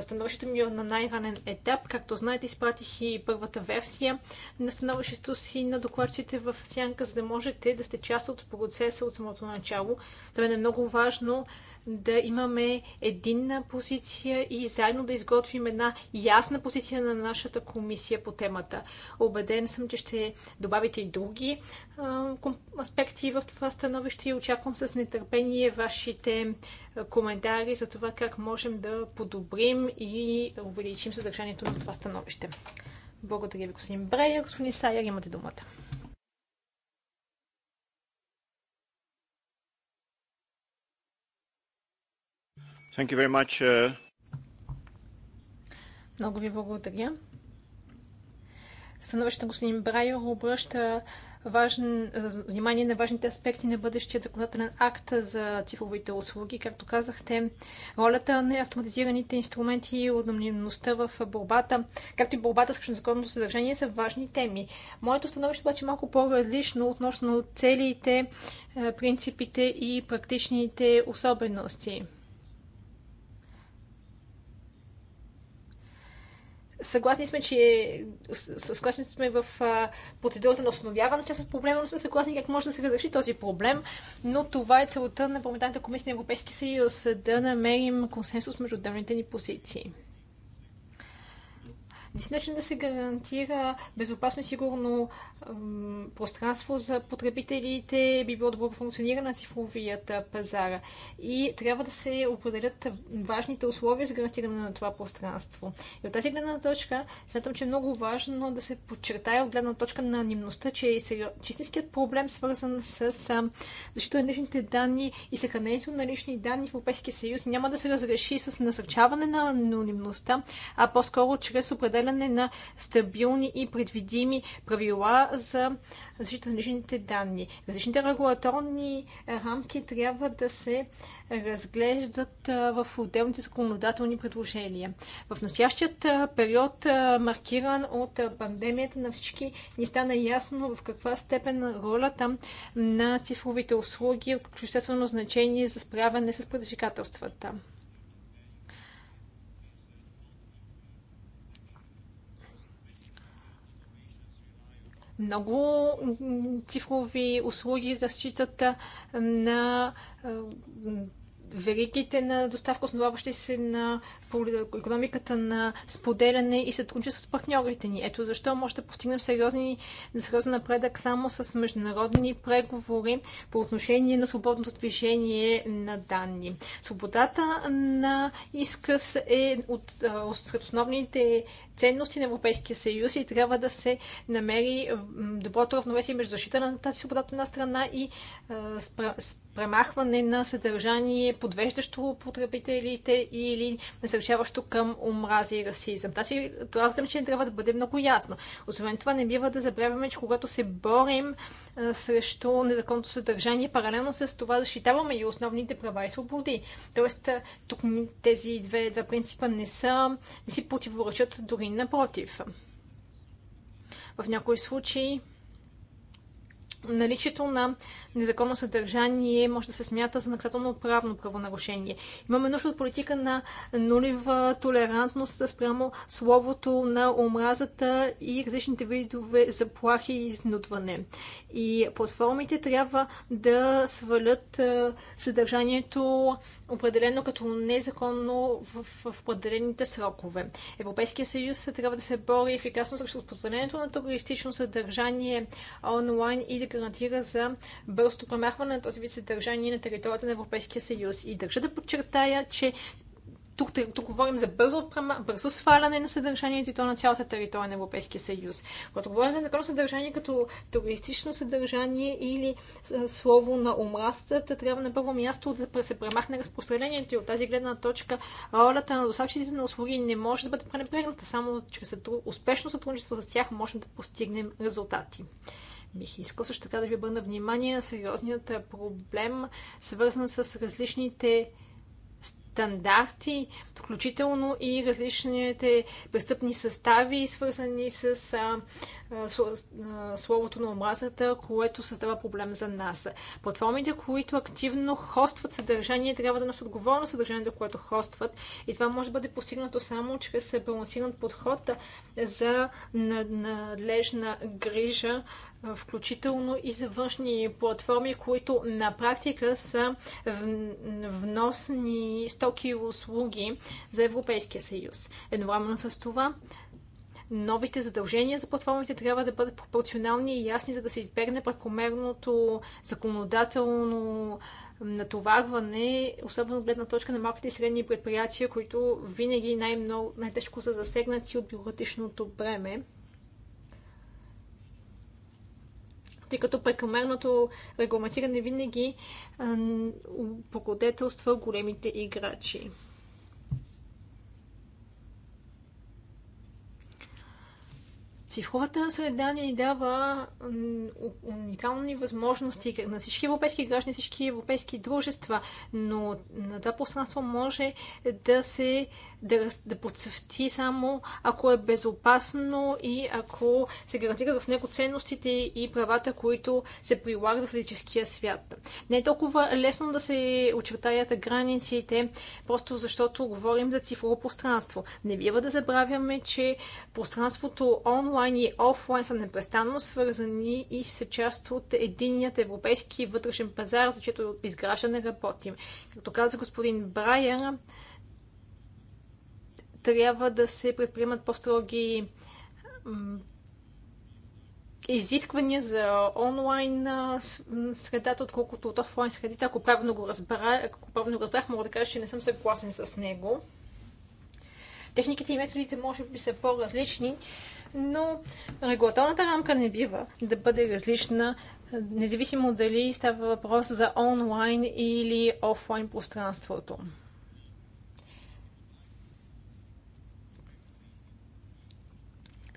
становището ми на най-ранен етап. Както знаете, изпратих и първата версия на становището си на докладчите в Сянка, за да можете да сте част от процеса от самото начало. За мен е много важно да имаме единна позиция и заедно да изготвим една ясна позиция на нашата комисия по темата. Обеден съм, че ще добавите и други аспекти в това становище и очаквам с нетърпение вашите коментари за това как можем да подобрим и увеличим съдържанието на това становище. Благодаря ви, господин Брея. Господин Сайер, имате думата. Thank you very much. Uh, Много ви благодаря. Становище на господин Брайер обръща важен, внимание на важните аспекти на бъдещия законодателен акт за цифровите услуги. Както казахте, ролята на автоматизираните инструменти и анонимността в борбата, както и борбата с законното съдържание са важни теми. Моето становище обаче е малко по-различно относно целите, е, принципите и практичните особености. Съгласни сме, че съгласни сме в процедурата на установяване част от проблема, но сме съгласни как може да се разреши този проблем. Но това е целта на Парламентарната комисия на Европейски съюз да намерим консенсус между отделните ни позиции. Един начин да се гарантира безопасно и сигурно пространство за потребителите, би било добро функциониране функционира на цифровият пазар. И трябва да се определят важните условия за гарантиране на това пространство. И от тази гледна точка смятам, че е много важно да се подчертая от гледна точка на анонимността, че е чистинският проблем свързан с защита на личните данни и съхранението на лични данни в Европейския съюз няма да се разреши с насърчаване на анонимността, а по-скоро чрез определяне на стабилни и предвидими правила за защита на личните данни. Различните регулаторни рамки трябва да се разглеждат в отделните законодателни предложения. В настоящият период, маркиран от пандемията, на всички ни стана ясно в каква степен ролята на цифровите услуги е от значение за справяне с предизвикателствата. Много цифрови услуги разчитат на веригите на доставка, основаващи се на економиката на споделяне и сътрудничество с партньорите ни. Ето защо може да постигнем сериозни, сериозен напредък само с международни преговори по отношение на свободното движение на данни. Свободата на изказ е от, от основните ценности на Европейския съюз и трябва да се намери доброто равновесие между защита на тази свобода от една страна и е, премахване на съдържание, подвеждащо потребителите или насърчаващо към омрази и расизъм. Тази разграничение трябва да бъде много ясно. Освен това, не бива да забравяме, че когато се борим е, срещу незаконното съдържание, паралелно с това защитаваме и основните права и свободи. Тоест, е, тук тези две, два принципа не, са, не си противоречат, дори други напротив. В някои случаи наличието на незаконно съдържание може да се смята за наказателно правно правонарушение. Имаме нужда от политика на нулева толерантност спрямо словото на омразата и различните видове заплахи и изнудване. И платформите трябва да свалят съдържанието определено като незаконно в, в определените срокове. Европейския съюз трябва да се бори ефикасно срещу разпространението на терористично съдържание онлайн и да гарантира за бързото премахване на този вид съдържание на територията на Европейския съюз. И държа да подчертая, че тук, тук говорим за бързо, бързо сваляне на съдържанието и то на цялата територия на Европейския съюз. Когато говорим за такова съдържание като терористично съдържание или слово на омрастата, трябва на първо място да се премахне разпространението и от тази гледна точка ролята на доставчиците на услуги не може да бъде пренебрегната. Само чрез успешно сътрудничество с тях можем да постигнем резултати. Бих искал също така да ви обърна внимание на сериозният проблем, свързан с различните стандарти, включително и различните престъпни състави, свързани с а, а, словото на омразата, което създава проблем за нас. Платформите, които активно хостват съдържание, трябва да носят отговорно съдържанието, което хостват. И това може да бъде постигнато само чрез балансиран подход за надлежна грижа включително и за външни платформи, които на практика са вносни стоки и услуги за Европейския съюз. Едновременно с това, новите задължения за платформите трябва да бъдат пропорционални и ясни, за да се избегне прекомерното законодателно натоварване, особено от гледна точка на малките и средни предприятия, които винаги най-много, най-тежко са засегнати от бюрократичното бреме. тъй като прекомерното регламентиране винаги покладетелства големите играчи. Цифровата среда ни дава уникални възможности на всички европейски граждани, всички европейски дружества, но на това пространство може да се да, да процъфти само ако е безопасно и ако се гарантират в него ценностите и правата, които се прилагат в физическия свят. Не е толкова лесно да се очертаят границите, просто защото говорим за цифрово пространство. Не бива да забравяме, че пространството онлайн и офлайн са непрестанно свързани и са част от единият европейски вътрешен пазар, за чето изграждане работим. Както каза господин Брайер, трябва да се предприемат по-строги изисквания за онлайн средата, отколкото от офлайн средите. Ако правилно го, разбра, ако го разбрах, мога да кажа, че не съм съгласен с него. Техниките и методите може би са по-различни, но регулаторната рамка не бива да бъде различна, независимо дали става въпрос за онлайн или офлайн пространството.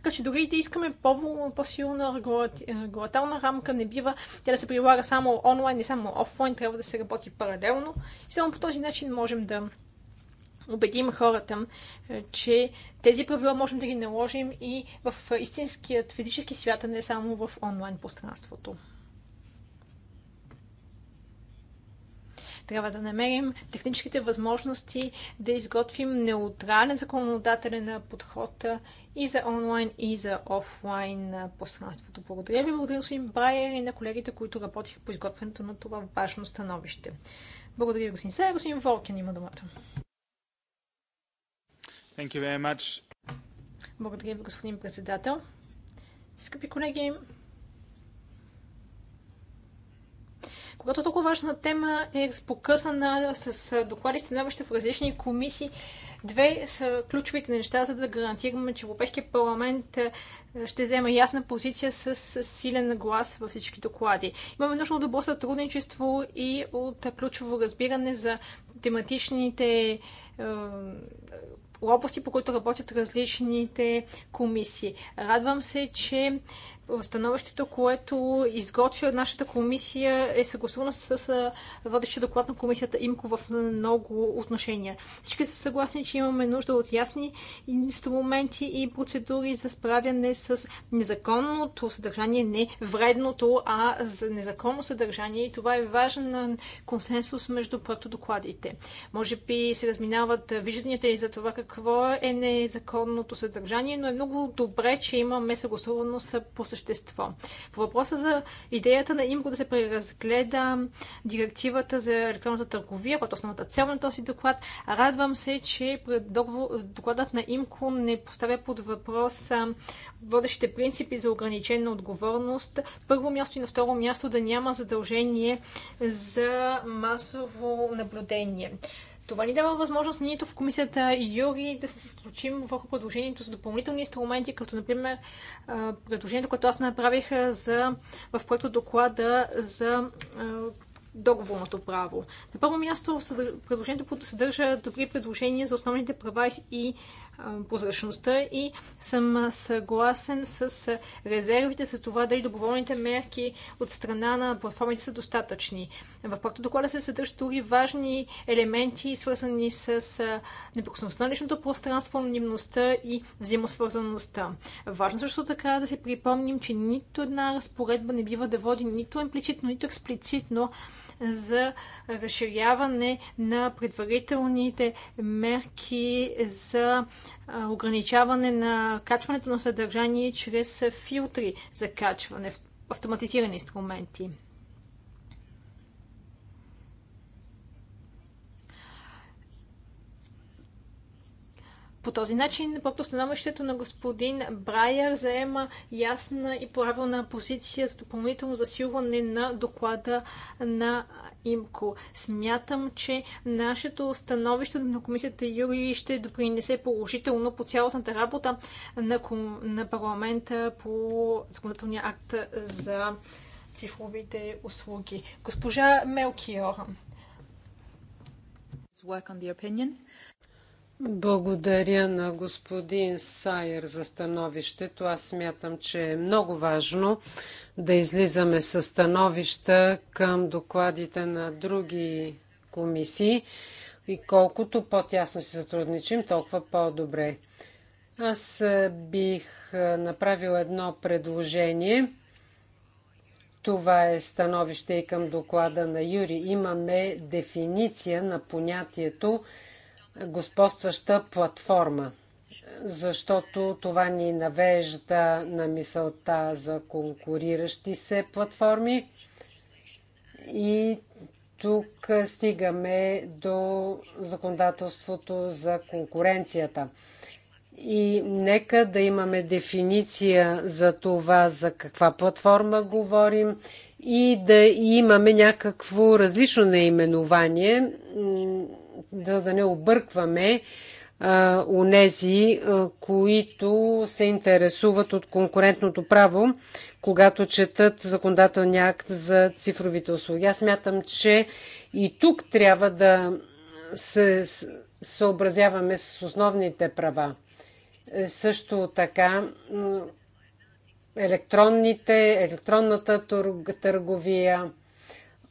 Така че дори да искаме по-силна регула... регулаторна рамка, не бива тя да се прилага само онлайн и само офлайн, трябва да се работи паралелно. И само по този начин можем да убедим хората, е, че тези правила можем да ги наложим и в истинският физически свят, а не само в онлайн пространството. Трябва да намерим техническите възможности да изготвим неутрален законодателен подход е, и за онлайн, и за офлайн пространството. Благодаря ви, благодаря господин Байер и на колегите, които работиха по изготвянето на това важно становище. Благодаря ви, господин Сайер. Господин Волкин има думата. Thank you very much. Благодаря ви, господин председател. Скъпи колеги, когато толкова важна тема е разпокъсана с доклади становища в различни комисии, две са ключовите неща, за да гарантираме, че Европейския парламент е, ще взема ясна позиция с силен глас във всички доклади. Имаме нужно от добро сътрудничество и от ключово разбиране за тематичните е, области, по които работят различните комисии. Радвам се, че Становището, което изготвя нашата комисия, е съгласувано с водещия доклад на комисията ИМКО в много отношения. Всички са съгласни, че имаме нужда от ясни инструменти и процедури за справяне с незаконното съдържание, не вредното, а за незаконно съдържание. И това е важен консенсус между докладите. Може би се разминават вижданията и за това какво е незаконното съдържание, но е много добре, че имаме съгласуваност по същество. По въпроса за идеята на ИМКО да се преразгледа директивата за електронната търговия, която е основната цел на този доклад, радвам се, че докладът на ИМКО не поставя под въпрос водещите принципи за ограничена отговорност. Първо място и на второ място да няма задължение за масово наблюдение. Това ни дава възможност нито в комисията и Юри да се случим върху предложението за допълнителни инструменти, като например предложението, което аз направих за, в проекто доклада за договорното право. На първо място предложението съдържа добри предложения за основните права и прозрачността и съм съгласен с резервите за това дали доброволните мерки от страна на платформите са достатъчни. В проекта доклада се съдържат други важни елементи, свързани с неприкосновеността на личното пространство, анонимността и взаимосвързаността. Важно също така да си припомним, че нито една разпоредба не бива да води нито имплицитно, нито експлицитно за разширяване на предварителните мерки за ограничаване на качването на съдържание чрез филтри за качване, автоматизирани инструменти. По този начин, становището на господин Брайер заема ясна и правилна позиция за допълнително засилване на доклада на ИМКО. Смятам, че нашето становище на комисията Юрий ще допринесе положително по цялостната работа на, на парламента по законодателния акт за цифровите услуги. Госпожа Мелкиора. Work on the opinion. Благодаря на господин Сайер за становището. Аз смятам, че е много важно да излизаме със становища към докладите на други комисии и колкото по-тясно си сътрудничим, толкова по-добре. Аз е, бих е, направил едно предложение. Това е становище и към доклада на Юри. Имаме дефиниция на понятието господстваща платформа, защото това ни навежда на мисълта за конкуриращи се платформи и тук стигаме до законодателството за конкуренцията. И нека да имаме дефиниция за това за каква платформа говорим и да имаме някакво различно наименование да, да не объркваме онези, които се интересуват от конкурентното право, когато четат законодателния акт за цифровите услуги. Аз мятам, че и тук трябва да се съобразяваме с основните права. Е, също така електронните, електронната търговия,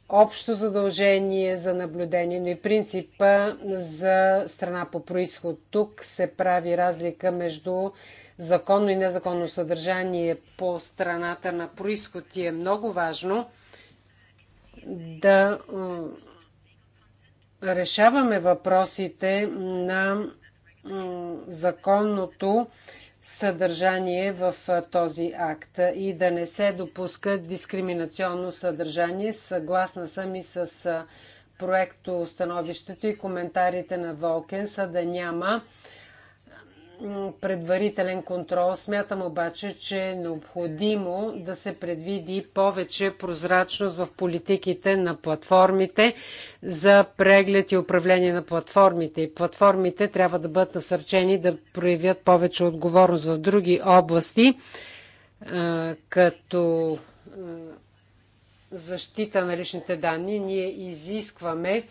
общо задължение за наблюдение, но и принципа за страна по происход. Тук се прави разлика между законно и незаконно съдържание по страната на происход и е много важно да решаваме въпросите на законното съдържание в този акт и да не се допуска дискриминационно съдържание. Съгласна съм и с проекто становището и коментарите на Волкенса са да няма предварителен контрол. Смятам обаче, че е необходимо да се предвиди повече прозрачност в политиките на платформите за преглед и управление на платформите. И платформите трябва да бъдат насърчени да проявят повече отговорност в други области, като защита на личните данни. Ние изискваме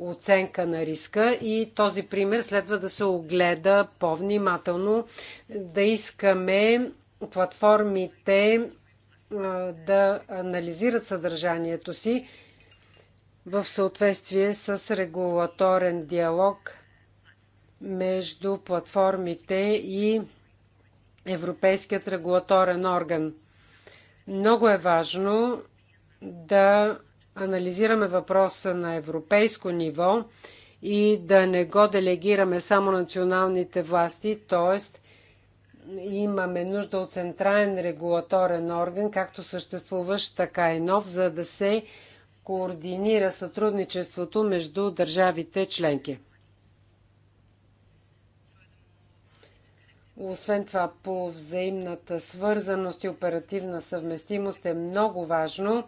оценка на риска и този пример следва да се огледа по-внимателно, да искаме платформите да анализират съдържанието си в съответствие с регулаторен диалог между платформите и Европейският регулаторен орган. Много е важно да анализираме въпроса на европейско ниво и да не го делегираме само националните власти, т.е. имаме нужда от централен регулаторен орган, както съществуващ, така и нов, за да се координира сътрудничеството между държавите членки. Освен това, по взаимната свързаност и оперативна съвместимост е много важно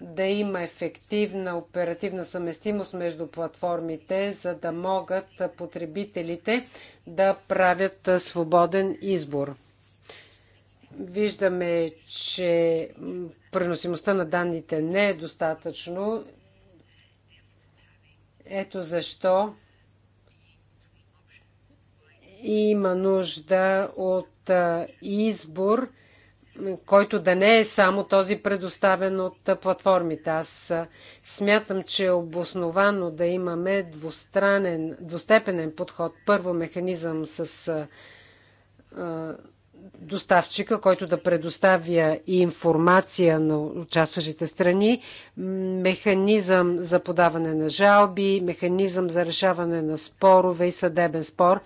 да има ефективна оперативна съместимост между платформите, за да могат потребителите да правят свободен избор. Виждаме, че преносимостта на данните не е достатъчно. Ето защо има нужда от избор – който да не е само този предоставен от платформите. Аз смятам, че е обосновано да имаме двустранен, двустепенен подход. Първо механизъм с а, доставчика, който да предоставя и информация на участващите страни, механизъм за подаване на жалби, механизъм за решаване на спорове и съдебен спор.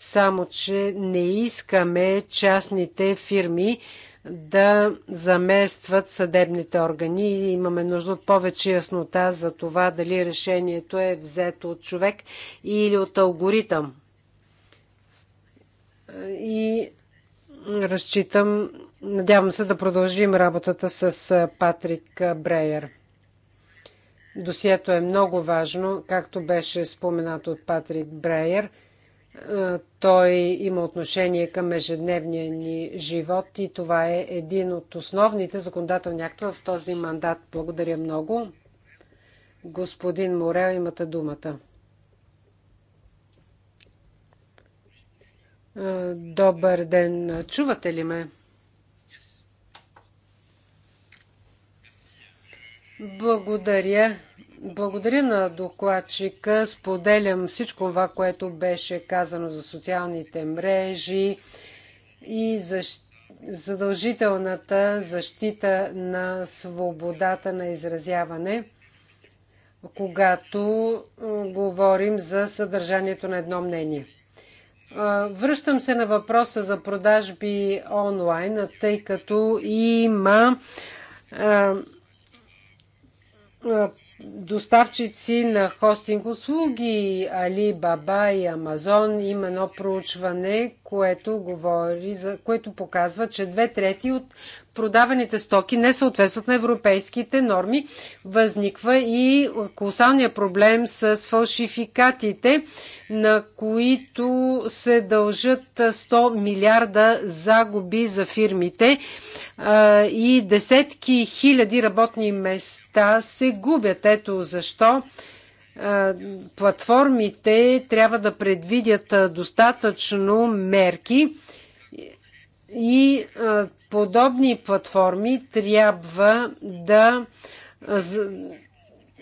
Само, че не искаме частните фирми да заместват съдебните органи. И имаме нужда от повече яснота за това дали решението е взето от човек или от алгоритъм. И разчитам, надявам се да продължим работата с Патрик Бреер. Досието е много важно, както беше споменато от Патрик Бреер – е, той има отношение към ежедневния ни живот и това е един от основните законодателни актове в този мандат. Благодаря много. Господин Морел, имате думата. Е, добър ден. Чувате ли ме? Благодаря. Благодаря на докладчика. Споделям всичко това, което беше казано за социалните мрежи и за задължителната защита на свободата на изразяване, когато говорим за съдържанието на едно мнение. Връщам се на въпроса за продажби онлайн, тъй като има доставчици на хостинг услуги Alibaba и Amazon има едно проучване, което, говори за, което показва, че две трети от продаваните стоки не съответстват на европейските норми. Възниква и колосалния проблем с фалшификатите, на които се дължат 100 милиарда загуби за фирмите и десетки хиляди работни места се губят. Ето защо платформите трябва да предвидят достатъчно мерки и подобни платформи трябва да,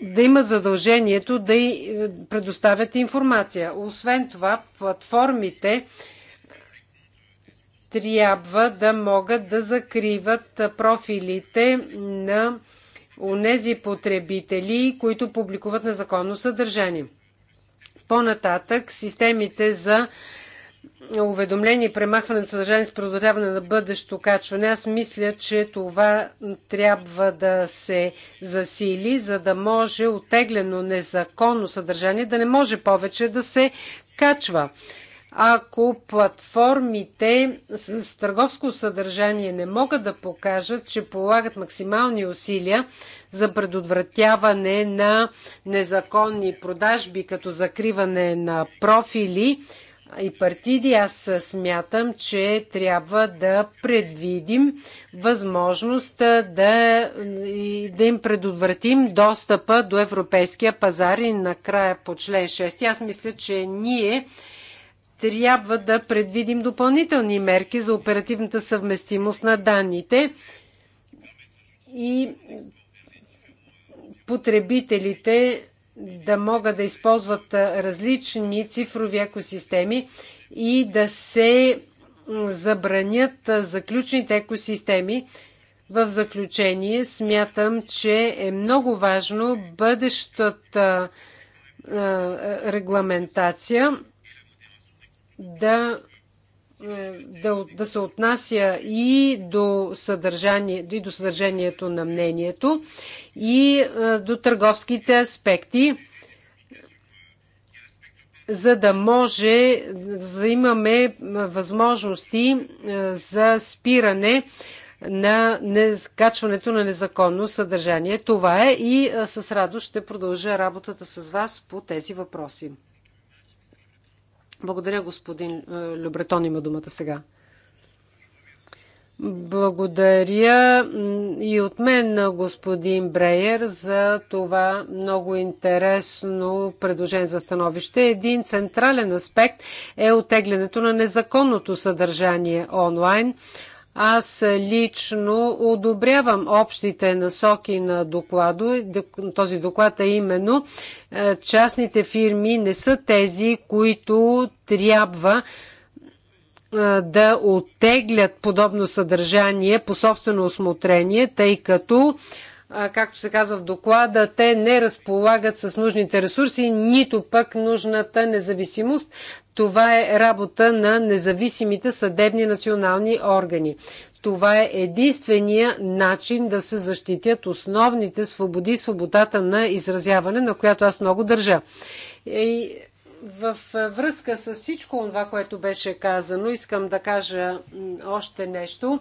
да имат задължението да е, предоставят информация. Освен това, платформите трябва да могат да закриват профилите на онези потребители, които публикуват незаконно съдържание. По-нататък, системите за уведомление и премахване на съдържание с предотвратяване на бъдещо качване, аз мисля, че това трябва да се засили, за да може отеглено незаконно съдържание да не може повече да се качва. Ако платформите с търговско съдържание не могат да покажат, че полагат максимални усилия за предотвратяване на незаконни продажби, като закриване на профили, и партиди, аз смятам, че трябва да предвидим възможност да, да им предотвратим достъпа до европейския пазар и накрая по член 6. Аз мисля, че ние трябва да предвидим допълнителни мерки за оперативната съвместимост на данните и потребителите да могат да използват различни цифрови екосистеми и да се забранят заключните екосистеми. В заключение смятам, че е много важно бъдещата регламентация да е, да, да се отнася и до, съдържание, и до съдържанието на мнението, и е, до търговските аспекти, за да може да имаме възможности е, за спиране на качването на незаконно съдържание. Това е и с радост ще продължа работата с вас по тези въпроси. Благодаря, господин е, Любретон има думата сега. Благодаря и от мен на господин Бреер за това много интересно предложение за становище. Един централен аспект е отеглянето на незаконното съдържание онлайн. Аз лично одобрявам общите насоки на доклада. Този доклад е именно е, частните фирми не са тези, които трябва е, да оттеглят подобно съдържание по собствено осмотрение, тъй като както се казва в доклада, те не разполагат с нужните ресурси, нито пък нужната независимост. Това е работа на независимите съдебни национални органи. Това е единствения начин да се защитят основните свободи, свободата на изразяване, на която аз много държа. И в връзка с всичко това, което беше казано, искам да кажа още нещо.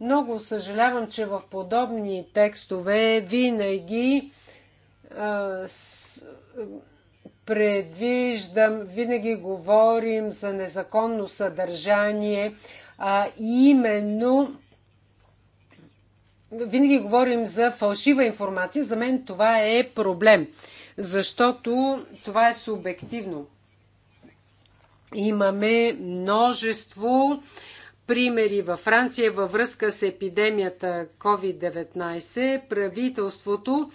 Много съжалявам, че в подобни текстове винаги предвиждам, винаги говорим за незаконно съдържание, а именно винаги говорим за фалшива информация. За мен това е проблем, защото това е субективно. Имаме множество примери във Франция във връзка с епидемията COVID-19. Правителството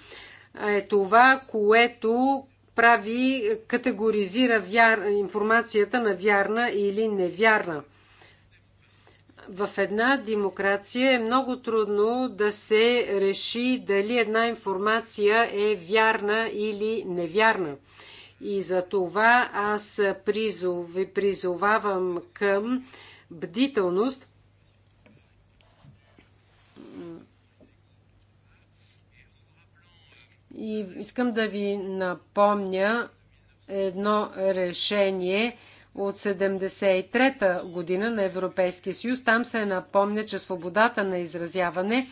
е това, което прави, категоризира вяр, информацията на вярна или невярна. В една демокрация е много трудно да се реши дали една информация е вярна или невярна. И за това аз призов, призовавам към бдителност. И искам да ви напомня едно решение от 73-та година на Европейския съюз. Там се напомня, че свободата на изразяване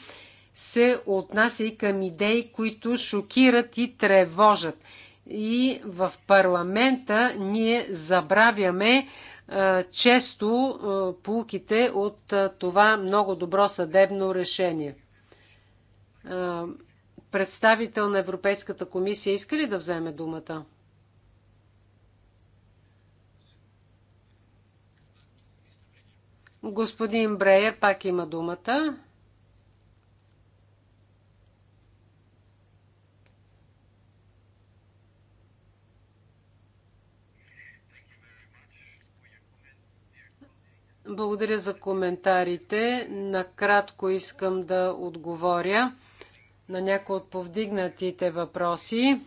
се отнася и към идеи, които шокират и тревожат. И в парламента ние забравяме е, често е, пулките от е, това много добро съдебно решение. Представител на Европейската комисия иска ли да вземе думата? Господин Бреер пак има думата. Благодаря за коментарите. Накратко искам да отговоря на някои от повдигнатите въпроси.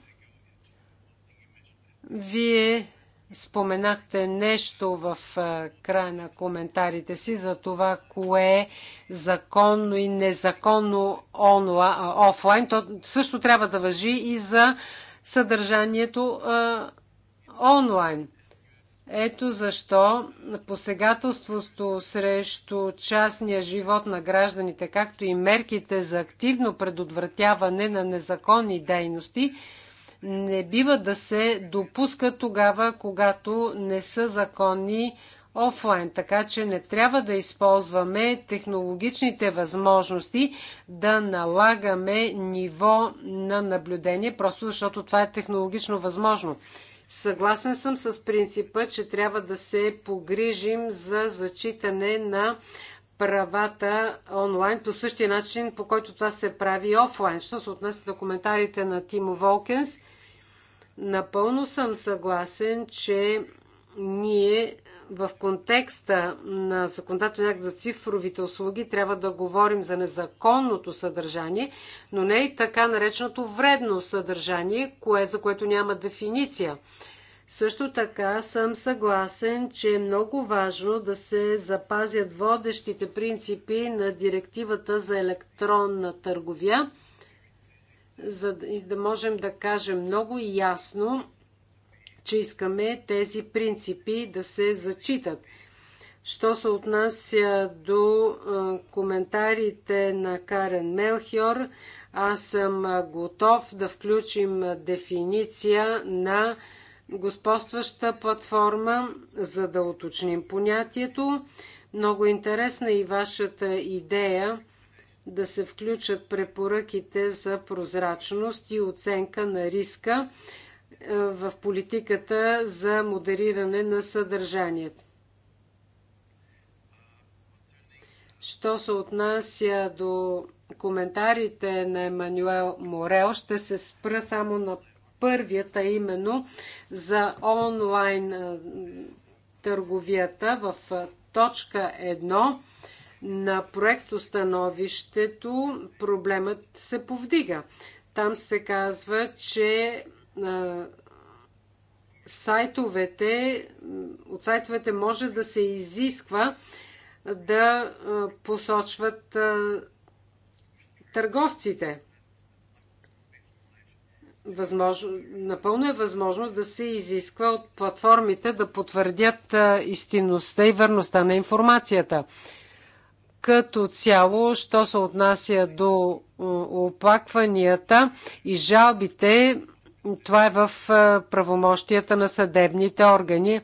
Вие споменахте нещо в края на коментарите си за това, кое е законно и незаконно онла, офлайн. То също трябва да въжи и за съдържанието онлайн. Ето защо посегателството срещу частния живот на гражданите, както и мерките за активно предотвратяване на незаконни дейности, не бива да се допуска тогава, когато не са законни офлайн, така че не трябва да използваме технологичните възможности да налагаме ниво на наблюдение, просто защото това е технологично възможно. Съгласен съм с принципа, че трябва да се погрижим за зачитане на правата онлайн по същия начин, по който това се прави и офлайн. Що се отнася до коментарите на Тимо Волкенс, напълно съм съгласен, че ние в контекста на законодателния акт за цифровите услуги трябва да говорим за незаконното съдържание, но не и така нареченото вредно съдържание, кое, за което няма дефиниция. Също така съм съгласен, че е много важно да се запазят водещите принципи на директивата за електронна търговия, за да можем да кажем много ясно, че искаме тези принципи да се зачитат. Що се отнася до коментарите на Карен Мелхиор, аз съм готов да включим дефиниция на господстваща платформа, за да уточним понятието. Много интересна е и вашата идея да се включат препоръките за прозрачност и оценка на риска е, в политиката за модериране на съдържанието. Що се отнася до коментарите на Емануел Морел, ще се спра само на първията, именно за онлайн е, търговията в е, точка 1 на проектостановището проблемът се повдига. Там се казва, че сайтовете, от сайтовете може да се изисква да посочват търговците. Възможно, напълно е възможно да се изисква от платформите да потвърдят истинността и върността на информацията. Като цяло, що се отнася до оплакванията и жалбите, това е в правомощията на съдебните органи.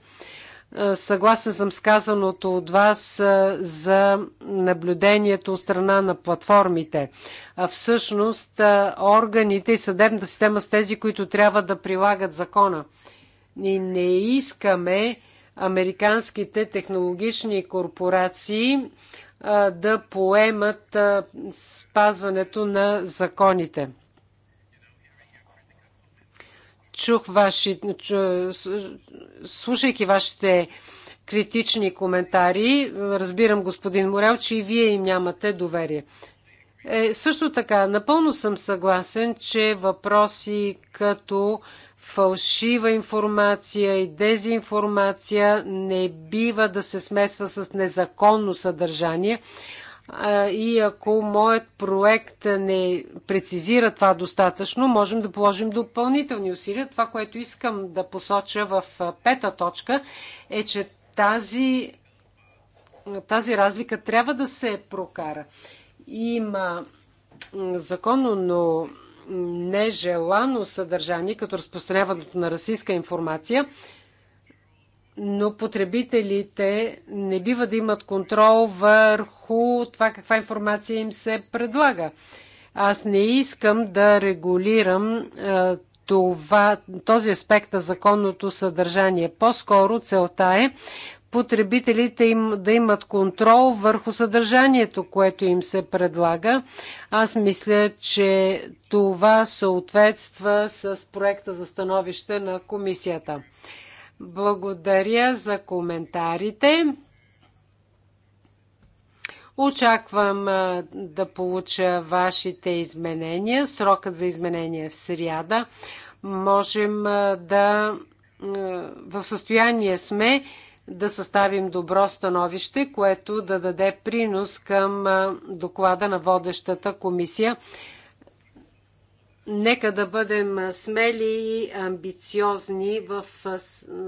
Съгласен съм с казаното от вас за наблюдението от страна на платформите. А всъщност органите и съдебната система са тези, които трябва да прилагат закона. Ние не искаме американските технологични корпорации да поемат спазването на законите. Чух ваши, чу, слушайки вашите критични коментари, разбирам господин Морал, че и вие им нямате доверие. Е, също така, напълно съм съгласен, че въпроси като фалшива информация и дезинформация не бива да се смесва с незаконно съдържание, и ако моят проект не прецизира това достатъчно, можем да положим допълнителни усилия. Това, което искам да посоча в пета точка е, че тази, тази разлика трябва да се прокара. Има законно, но нежелано съдържание, като разпространяването на расистска информация – но потребителите не бива да имат контрол върху това каква информация им се предлага. Аз не искам да регулирам е, това, този аспект на законното съдържание. По-скоро целта е потребителите им да имат контрол върху съдържанието, което им се предлага. Аз мисля, че това съответства с проекта за становище на комисията. Благодаря за коментарите. Очаквам да получа вашите изменения. Срокът за изменение е в сряда. Можем да. В състояние сме да съставим добро становище, което да даде принос към доклада на водещата комисия. Нека да бъдем смели и амбициозни в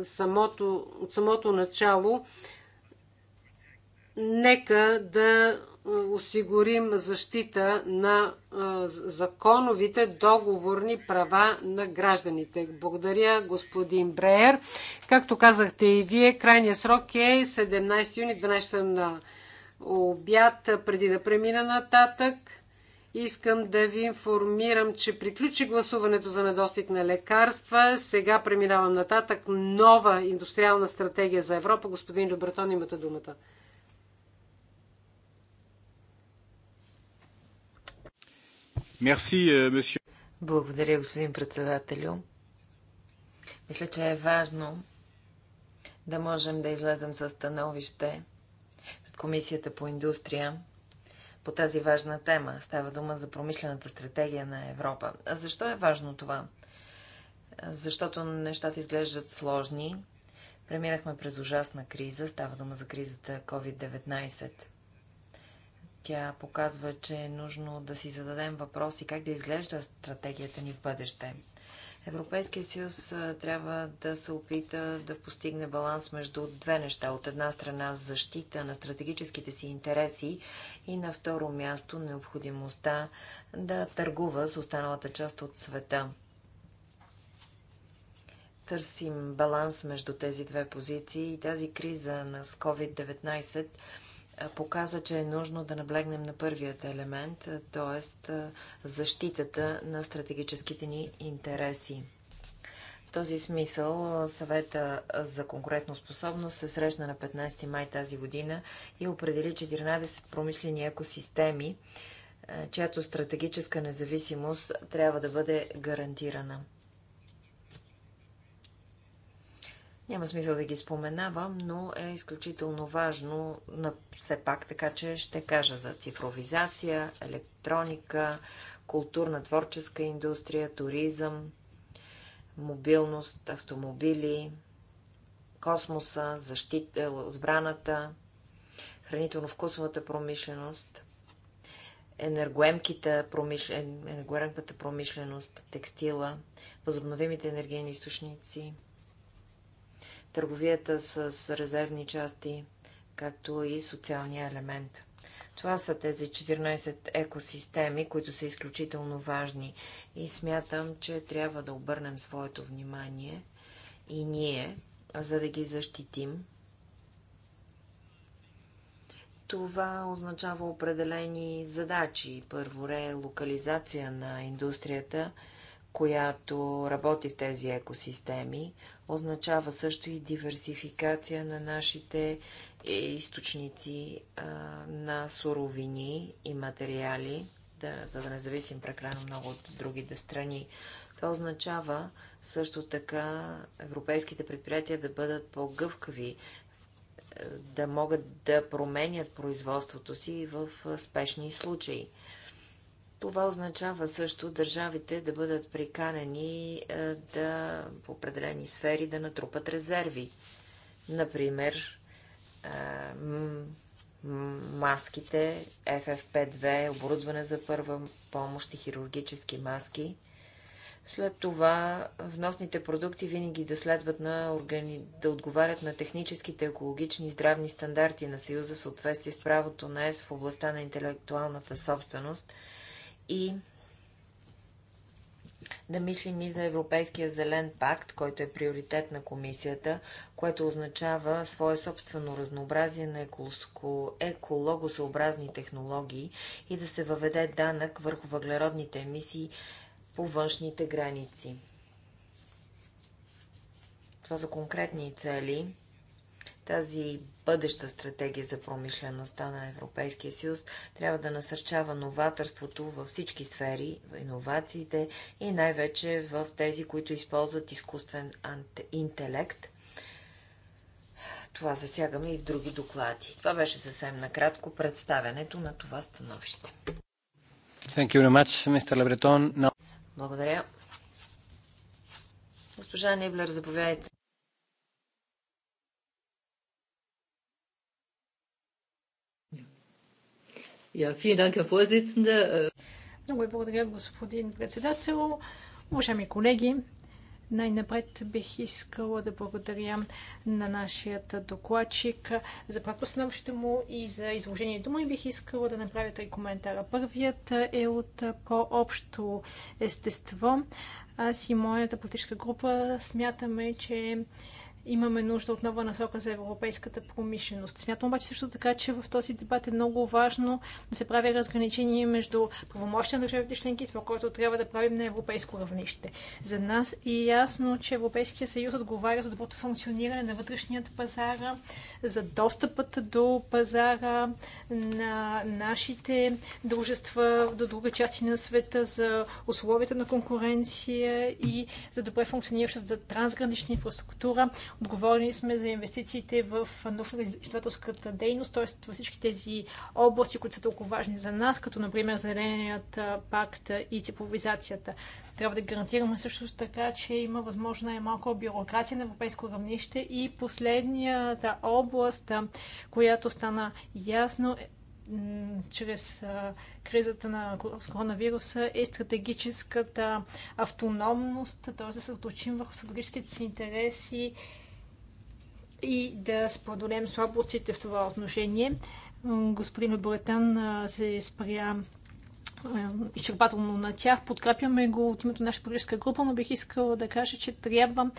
самото, от самото начало. Нека да осигурим защита на законовите договорни права на гражданите. Благодаря, господин Бреер. Както казахте и вие, крайният срок е 17 юни, 12 на обяд, преди да премина нататък. Искам да ви информирам, че приключи гласуването за недостиг на лекарства. Сега преминавам нататък. Нова индустриална стратегия за Европа. Господин Любертон, имате думата. Merci, е, Благодаря, господин председателю. Мисля, че е важно да можем да излезем със становище пред Комисията по индустрия по тази важна тема. Става дума за промишлената стратегия на Европа. А защо е важно това? Защото нещата изглеждат сложни. Преминахме през ужасна криза. Става дума за кризата COVID-19. Тя показва, че е нужно да си зададем въпроси как да изглежда стратегията ни в бъдеще. Европейския съюз трябва да се опита да постигне баланс между две неща. От една страна защита на стратегическите си интереси и на второ място необходимостта да търгува с останалата част от света. Търсим баланс между тези две позиции и тази криза на COVID-19 показа, че е нужно да наблегнем на първият елемент, т.е. Е, защитата на стратегическите ни интереси. В този смисъл е, съвета за конкретно способност се срещна на 15 май тази година и определи 14 промишлени екосистеми, е, чиято стратегическа независимост трябва да бъде гарантирана. Няма смисъл да ги споменавам, но е изключително важно на все пак, така че ще кажа за цифровизация, електроника, културна творческа индустрия, туризъм, мобилност, автомобили, космоса, защита, е, отбраната, хранително-вкусовата промишленост, енергоемката промишлен, промишленост, текстила, възобновимите енергийни източници – търговията с резервни части, както и социалния елемент. Това са тези 14 екосистеми, които са изключително важни и смятам, че трябва да обърнем своето внимание и ние, за да ги защитим. Това означава определени задачи. Първо е локализация на индустрията, която работи в тези екосистеми, означава също и диверсификация на нашите е, източници на суровини и материали, да, за да не зависим прекалено много от другите страни. Това означава също така европейските предприятия да бъдат по-гъвкави, е, да могат да променят производството си в спешни случаи. Това означава също държавите да бъдат приканени е, да в определени сфери да натрупат резерви. Например, е, маските FFP2, оборудване за първа помощ и хирургически маски. След това вносните продукти винаги да следват на органи... да отговарят на техническите, екологични и здравни стандарти на Съюза в съответствие с правото на ЕС в областта на интелектуалната собственост – и да мислим и за Европейския зелен пакт, който е приоритет на комисията, което означава свое собствено разнообразие на екологосъобразни технологии и да се въведе данък върху въглеродните емисии по външните граници. Това са конкретни цели, тази бъдеща стратегия за промишлеността на Европейския съюз трябва да насърчава новаторството във всички сфери, в иновациите и най-вече в тези, които използват изкуствен интелект. Това засягаме и в други доклади. Това беше съвсем накратко представянето на това становище. Thank you very much, Mr. Lebreton. Now... Благодаря. Госпожа Ниблер, заповядайте. Ja, vielen Dank, Herr äh, Много ви благодаря, господин председател. Уважаеми колеги, най-напред бих искала да благодаря на нашия докладчик за предпостановището му и за изложението му и бих искала да направя три коментара. Първият е от по-общо естество. Аз и моята политическа група смятаме, че имаме нужда от нова насока за европейската промишленост. Смятам обаче също така, че в този дебат е много важно да се прави разграничение между правомощия на държавите членки и това, което трябва да правим на европейско равнище. За нас е ясно, че Европейския съюз отговаря за доброто функциониране на вътрешният пазар, за достъпът до пазара на нашите дружества до друга части на света, за условията на конкуренция и за добре функционираща за трансгранична инфраструктура Отговорили сме за инвестициите в научно-изследователската дейност, т.е. във всички тези области, които са толкова важни за нас, като например Зеленият пакт и цифровизацията. Трябва да гарантираме също така, че има възможно най-малко бюрокрация на европейско равнище. И последнията област, която стана ясно, е, чрез кризата на коронавируса е стратегическата автономност, т.е. да се оточим върху стратегическите си интереси и да споделем слабостите в това отношение. Господин Лебретан се спря изчерпателно на тях. Подкрепяме го от името на нашата политическа група, но бих искала да кажа, че трябва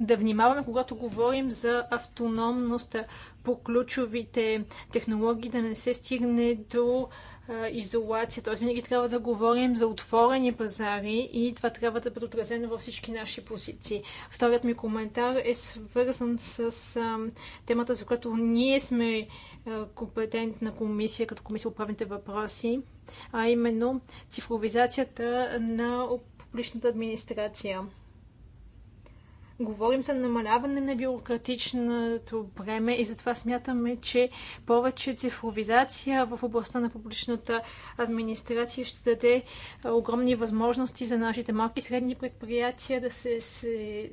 да внимаваме, когато говорим за автономност по ключовите технологии, да не се стигне до изолация. Тоест винаги трябва да говорим за отворени пазари и това трябва да бъде отразено във всички наши позиции. Вторият ми коментар е свързан с темата, за която ние сме компетентна комисия, като комисия по правните въпроси, а именно цифровизацията на публичната администрация. Говорим за намаляване на бюрократичното време и затова смятаме, че повече цифровизация в областта на публичната администрация ще даде е, огромни възможности за нашите малки и средни предприятия да се, се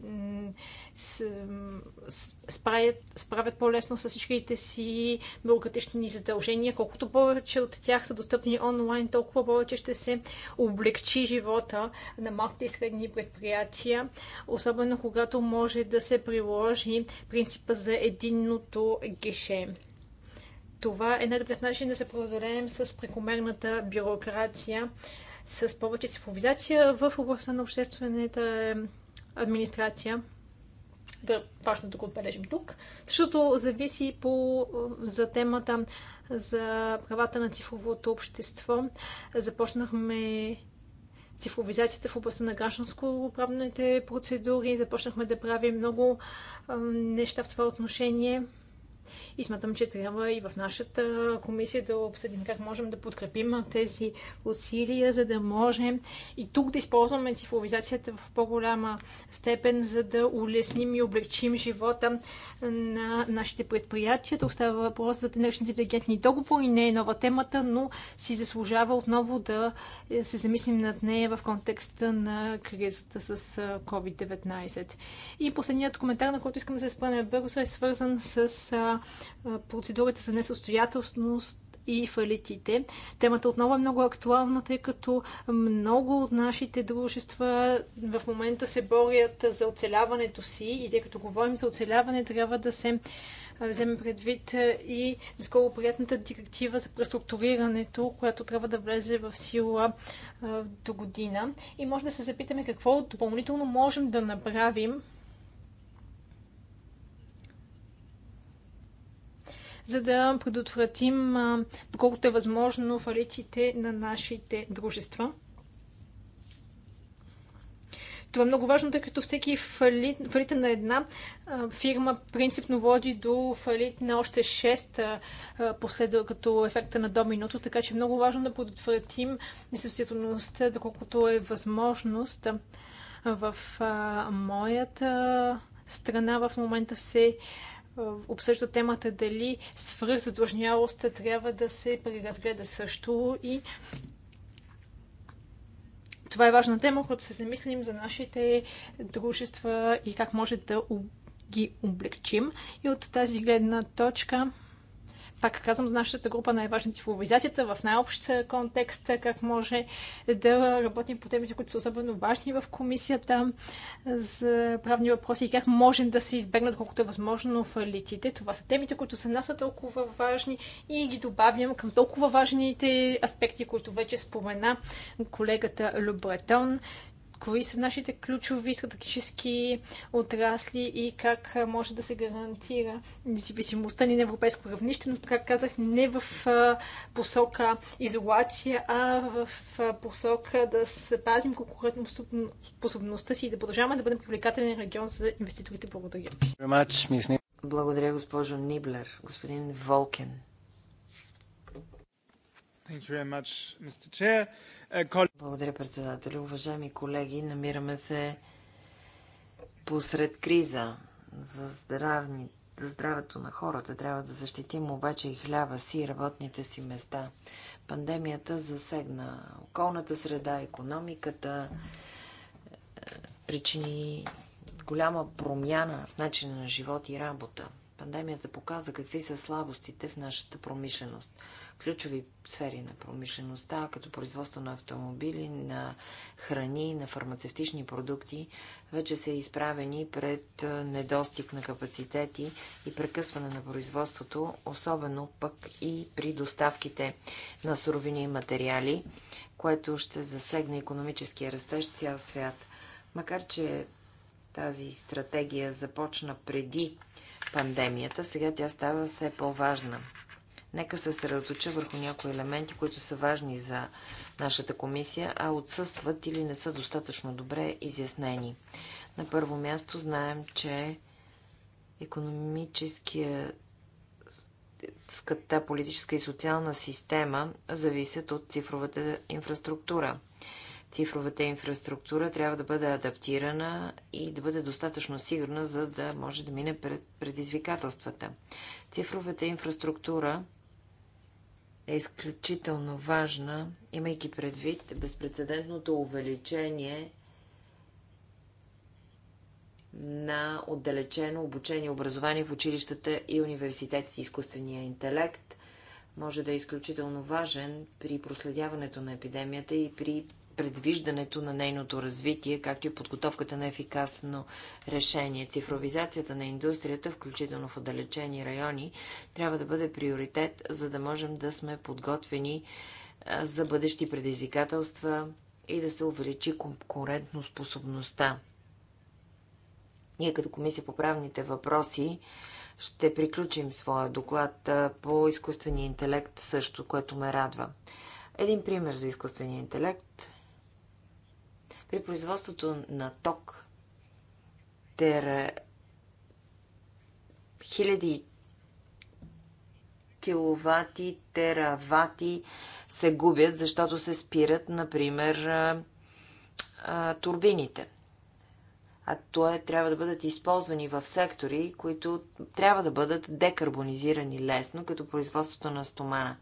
справят, справят по-лесно с всичките си бюрократични задължения. Колкото повече от тях са достъпни онлайн, толкова повече ще се облегчи живота на малките и средни предприятия, особено когато може да се приложи принципа за единното геше. Това е най-добрият начин да се преодолеем с прекомерната бюрокрация, с повече цифровизация в областта на обществената администрация да, важно да го отбележим тук. Същото зависи по, за темата за правата на цифровото общество. Започнахме цифровизацията в областта на гражданско-правните процедури, започнахме да правим много неща в това отношение – и смятам, че трябва и в нашата комисия да обсъдим как можем да подкрепим тези усилия, за да можем и тук да използваме цифровизацията в по-голяма степен, за да улесним и облегчим живота на нашите предприятия. Тук става въпрос за днешните интелигентни договори. Не е нова темата, но си заслужава отново да се замислим над нея в контекста на кризата с COVID-19. И последният коментар, на който искам да се спра набързо, е свързан с Процедурите за несъстоятелност и фалитите. Темата отново е много актуална, тъй като много от нашите дружества в момента се борят за оцеляването си и тъй като говорим за оцеляване, трябва да се вземе предвид и скоро приятната директива за преструктурирането, която трябва да влезе в сила до година. И може да се запитаме какво допълнително можем да направим за да предотвратим, доколкото е възможно, фалитите на нашите дружества. Това е много важно, тъй като всеки фалит, фалит на една фирма принципно води до фалит на още 6 последва като ефекта на доминото, така че е много важно да предотвратим несъстоятелността, доколкото е възможност. В моята страна в момента се обсъжда темата дали свръхзадлъжнялостта трябва да се преразгледа също и това е важна тема, когато се замислим за нашите дружества и как може да ги облегчим. И от тази гледна точка пак казвам, за нашата група най-важна цифровизацията в най-общ контекст, как може да работим по темите, които са особено важни в комисията за правни въпроси и как можем да се избегнат колкото е възможно фалитите. Това са темите, които за нас са толкова важни и ги добавям към толкова важните аспекти, които вече спомена колегата Любретон кои са нашите ключови стратегически отрасли и как може да се гарантира независимостта ни на европейско равнище, но, как казах, не в посока изолация, а в посока да пазим конкурентно способността си и да продължаваме да бъдем привлекателен регион за инвеститорите. Благодаря ви. Благодаря, госпожо Ниблер. Господин Волкен. Uh, Благодаря, председател, Уважаеми колеги, намираме се посред криза за, здравни, за здравето на хората. Трябва да защитим обаче и хляба си и работните си места. Пандемията засегна околната среда, економиката, е, причини голяма промяна в начина на живот и работа. Пандемията показа какви са слабостите в нашата промишленост. Ключови сфери на промишлеността, като производство на автомобили, на храни, на фармацевтични продукти, вече са изправени пред недостиг на капацитети и прекъсване на производството, особено пък и при доставките на суровини и материали, което ще засегне економическия растеж цял свят. Макар, че тази стратегия започна преди пандемията. Сега тя става все по-важна. Нека се съсредоточа върху някои елементи, които са важни за нашата комисия, а отсъстват или не са достатъчно добре изяснени. На първо място знаем, че економическия политическа и социална система зависят от цифровата инфраструктура цифровата инфраструктура трябва да бъде адаптирана и да бъде достатъчно сигурна, за да може да мине пред предизвикателствата. Цифровата инфраструктура е изключително важна, имайки предвид безпредседентното увеличение на отдалечено обучение и образование в училищата и университетите. изкуствения интелект може да е изключително важен при проследяването на епидемията и при предвиждането на нейното развитие, както и подготовката на ефикасно решение. Цифровизацията на индустрията, включително в отдалечени райони, трябва да бъде приоритет, за да можем да сме подготвени за бъдещи предизвикателства и да се увеличи конкурентно способността. Ние като Комисия по правните въпроси ще приключим своя доклад по изкуствения интелект също, което ме радва. Един пример за изкуствения интелект при производството на ток тер хиляди киловати, теравати се губят, защото се спират, например, турбините. А това трябва да бъдат използвани в сектори, които трябва да бъдат декарбонизирани лесно, като производството на стомана.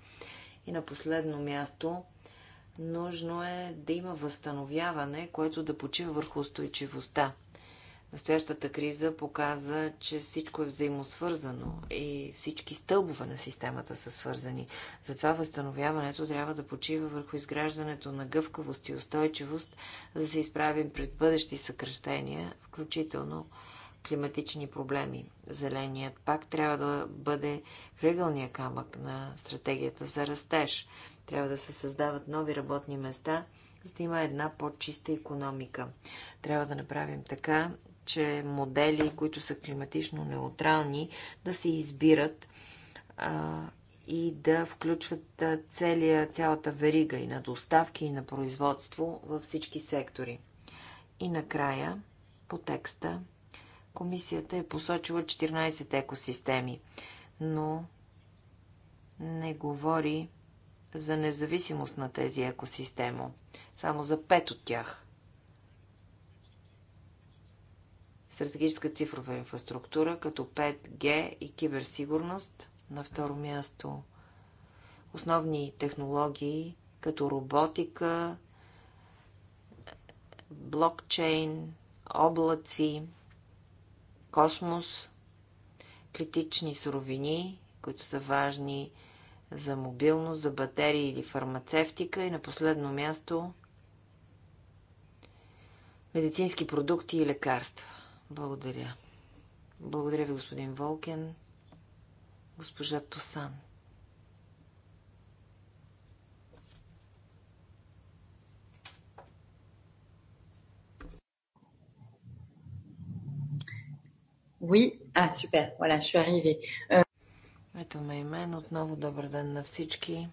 И на последно място Нужно е да има възстановяване, което да почива върху устойчивостта. Настоящата криза показа, че всичко е взаимосвързано и всички стълбове на системата са свързани. Затова възстановяването трябва да почива върху изграждането на гъвкавост и устойчивост, за да се изправим пред бъдещи съкръщения, включително климатични проблеми. Зеленият пак трябва да бъде кръгълния камък на стратегията за растеж. Трябва да се създават нови работни места, за да има една по-чиста економика. Трябва да направим така, че модели, които са климатично неутрални, да се избират а, и да включват целия, цялата верига и на доставки, и на производство във всички сектори. И накрая, по текста, комисията е посочила 14 екосистеми, но не говори за независимост на тези екосистема. Само за пет от тях. Стратегическа цифрова инфраструктура, като 5G и киберсигурност. На второ място основни технологии, като роботика, блокчейн, облаци, космос, критични суровини, които са важни за мобилност, за батерии или фармацевтика и на последно място медицински продукти и лекарства. Благодаря. Благодаря ви, господин Волкен. Госпожа Тосан. Oui, ah super, voilà, je suis arrivée. Euh... Ето ме и мен. Отново добър ден на всички.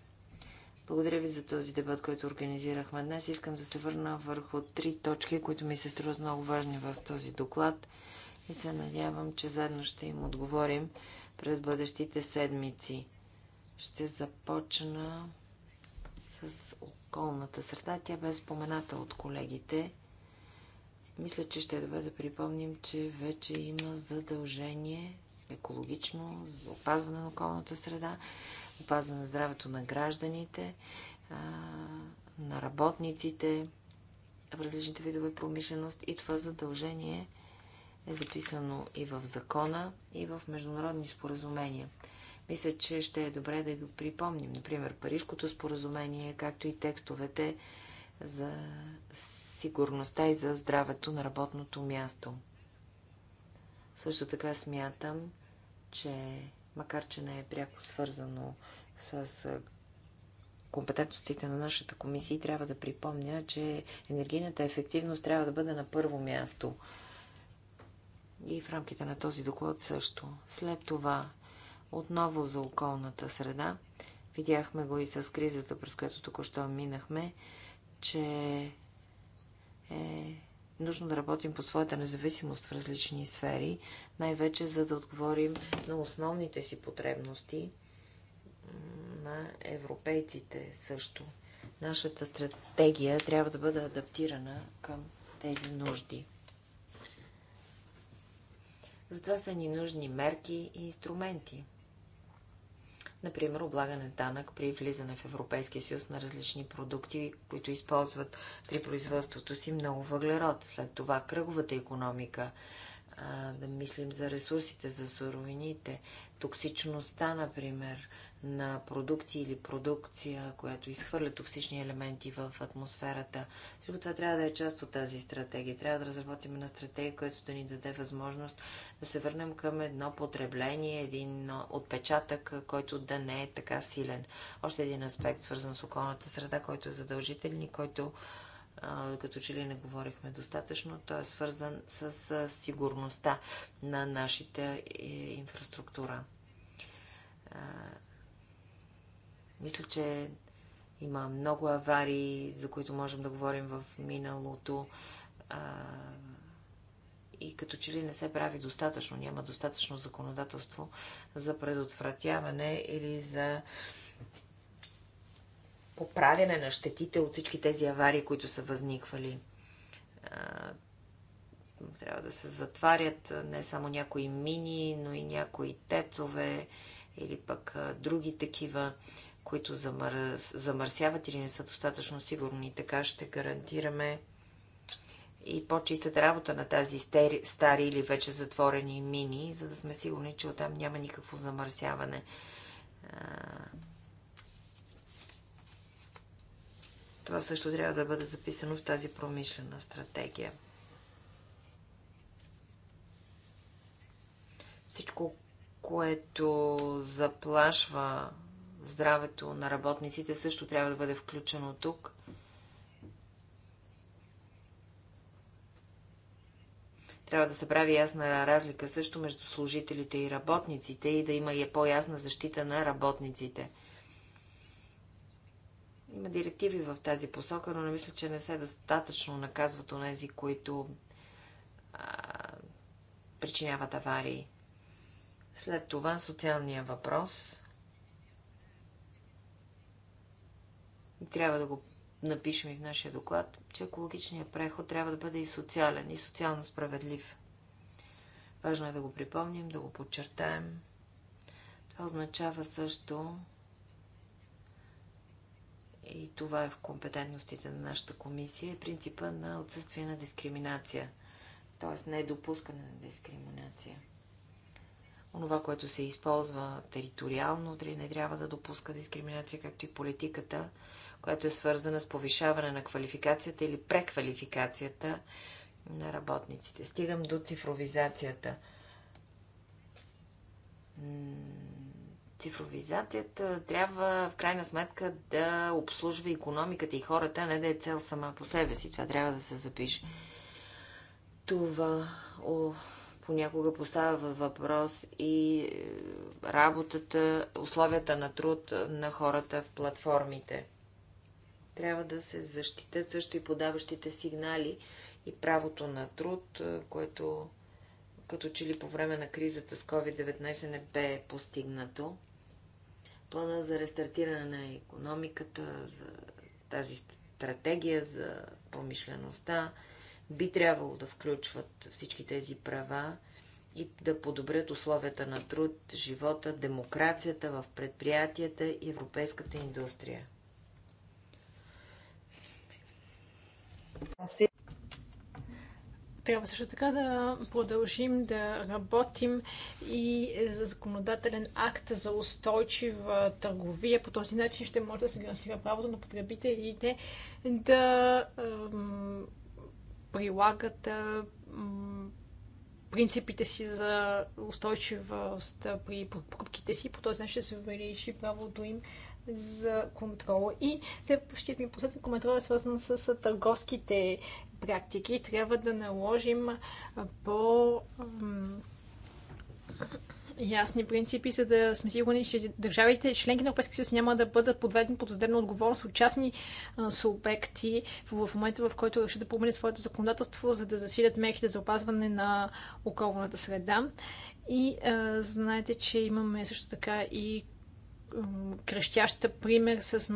Благодаря ви за този дебат, който организирахме днес. Искам да се върна върху три точки, които ми се струват много важни в този доклад и се надявам, че заедно ще им отговорим през бъдещите седмици. Ще започна с околната среда. Тя бе спомената от колегите. Мисля, че ще е добре да припомним, че вече има задължение екологично, за опазване на околната среда, опазване на здравето на гражданите, на работниците в различните видове промишленост и това задължение е записано и в закона, и в международни споразумения. Мисля, че ще е добре да го припомним. Например, Парижкото споразумение, както и текстовете за сигурността и за здравето на работното място. Също така смятам, че макар, че не е пряко свързано с компетентностите на нашата комисия, трябва да припомня, че енергийната ефективност трябва да бъде на първо място. И в рамките на този доклад също. След това, отново за околната среда, видяхме го и с кризата, през която току-що минахме, че е нужно да работим по своята независимост в различни сфери, най-вече за да отговорим на основните си потребности на европейците също. Нашата стратегия трябва да бъде адаптирана към тези нужди. Затова са ни нужни мерки и инструменти. Например, облагане данък при влизане в Европейския съюз на различни продукти, които използват при производството си много въглерод. След това кръговата економика, а, да мислим за ресурсите, за суровините, токсичността, например, на продукти или продукция, която изхвърля токсични елементи в атмосферата. Всичко това трябва да е част от тази стратегия. Трябва да разработим една стратегия, която да ни даде възможност да се върнем към едно потребление, един отпечатък, който да не е така силен. Още един аспект, свързан с околната среда, който е задължителен и който като че ли не говорихме достатъчно, той е свързан с сигурността на нашата е, инфраструктура. Мисля, че има много аварии, за които можем да говорим в миналото. И като че ли не се прави достатъчно, няма достатъчно законодателство за предотвратяване или за поправяне на щетите от всички тези аварии, които са възниквали. Трябва да се затварят не само някои мини, но и някои тецове или пък други такива, които замърсяват или не са достатъчно сигурни. Така ще гарантираме и по-чистата работа на тази стари или вече затворени мини, за да сме сигурни, че оттам няма никакво замърсяване. Това също трябва да бъде записано в тази промишлена стратегия. Всичко, което заплашва здравето на работниците, също трябва да бъде включено тук. Трябва да се прави ясна разлика също между служителите и работниците и да има и по-ясна защита на работниците – има директиви в тази посока, но не мисля, че не се достатъчно наказват онези, които а, причиняват аварии. След това социалния въпрос. Трябва да го напишем и в нашия доклад, че екологичният преход трябва да бъде и социален, и социално справедлив. Важно е да го припомним, да го подчертаем. Това означава също и това е в компетентностите на нашата комисия, е принципа на отсъствие на дискриминация, т.е. не е допускане на дискриминация. Онова, което се използва териториално, не трябва да допуска дискриминация, както и политиката, която е свързана с повишаване на квалификацията или преквалификацията на работниците. Стигам до цифровизацията цифровизацията трябва в крайна сметка да обслужва економиката и хората, а не да е цел сама по себе си. Това трябва да се запише. Това о, понякога поставя във въпрос и е, работата, условията на труд на хората в платформите. Трябва да се защитят също и подаващите сигнали и правото на труд, е, което като че ли по време на кризата с COVID-19 не бе постигнато плана за рестартиране на економиката, за тази стратегия за промишлеността, би трябвало да включват всички тези права и да подобрят условията на труд, живота, демокрацията в предприятията и европейската индустрия. Трябва също така да продължим да работим и за законодателен акт за устойчива търговия. По този начин ще може да се гарантира правото на потребителите да ем, прилагат ем, принципите си за устойчивост при покупките си. По този начин ще се увеличи правото им за контрол. И следващият ми последен коментар е свързан с търговските практики, трябва да наложим по ясни принципи, за да сме сигурни, че държавите членки на Европейския съюз няма да бъдат подведени под съдебна отговорност от частни субекти в момента, в който решат да променят своето законодателство, за да засилят мерките за опазване на околната среда. И а, знаете, че имаме също така и крещяща пример с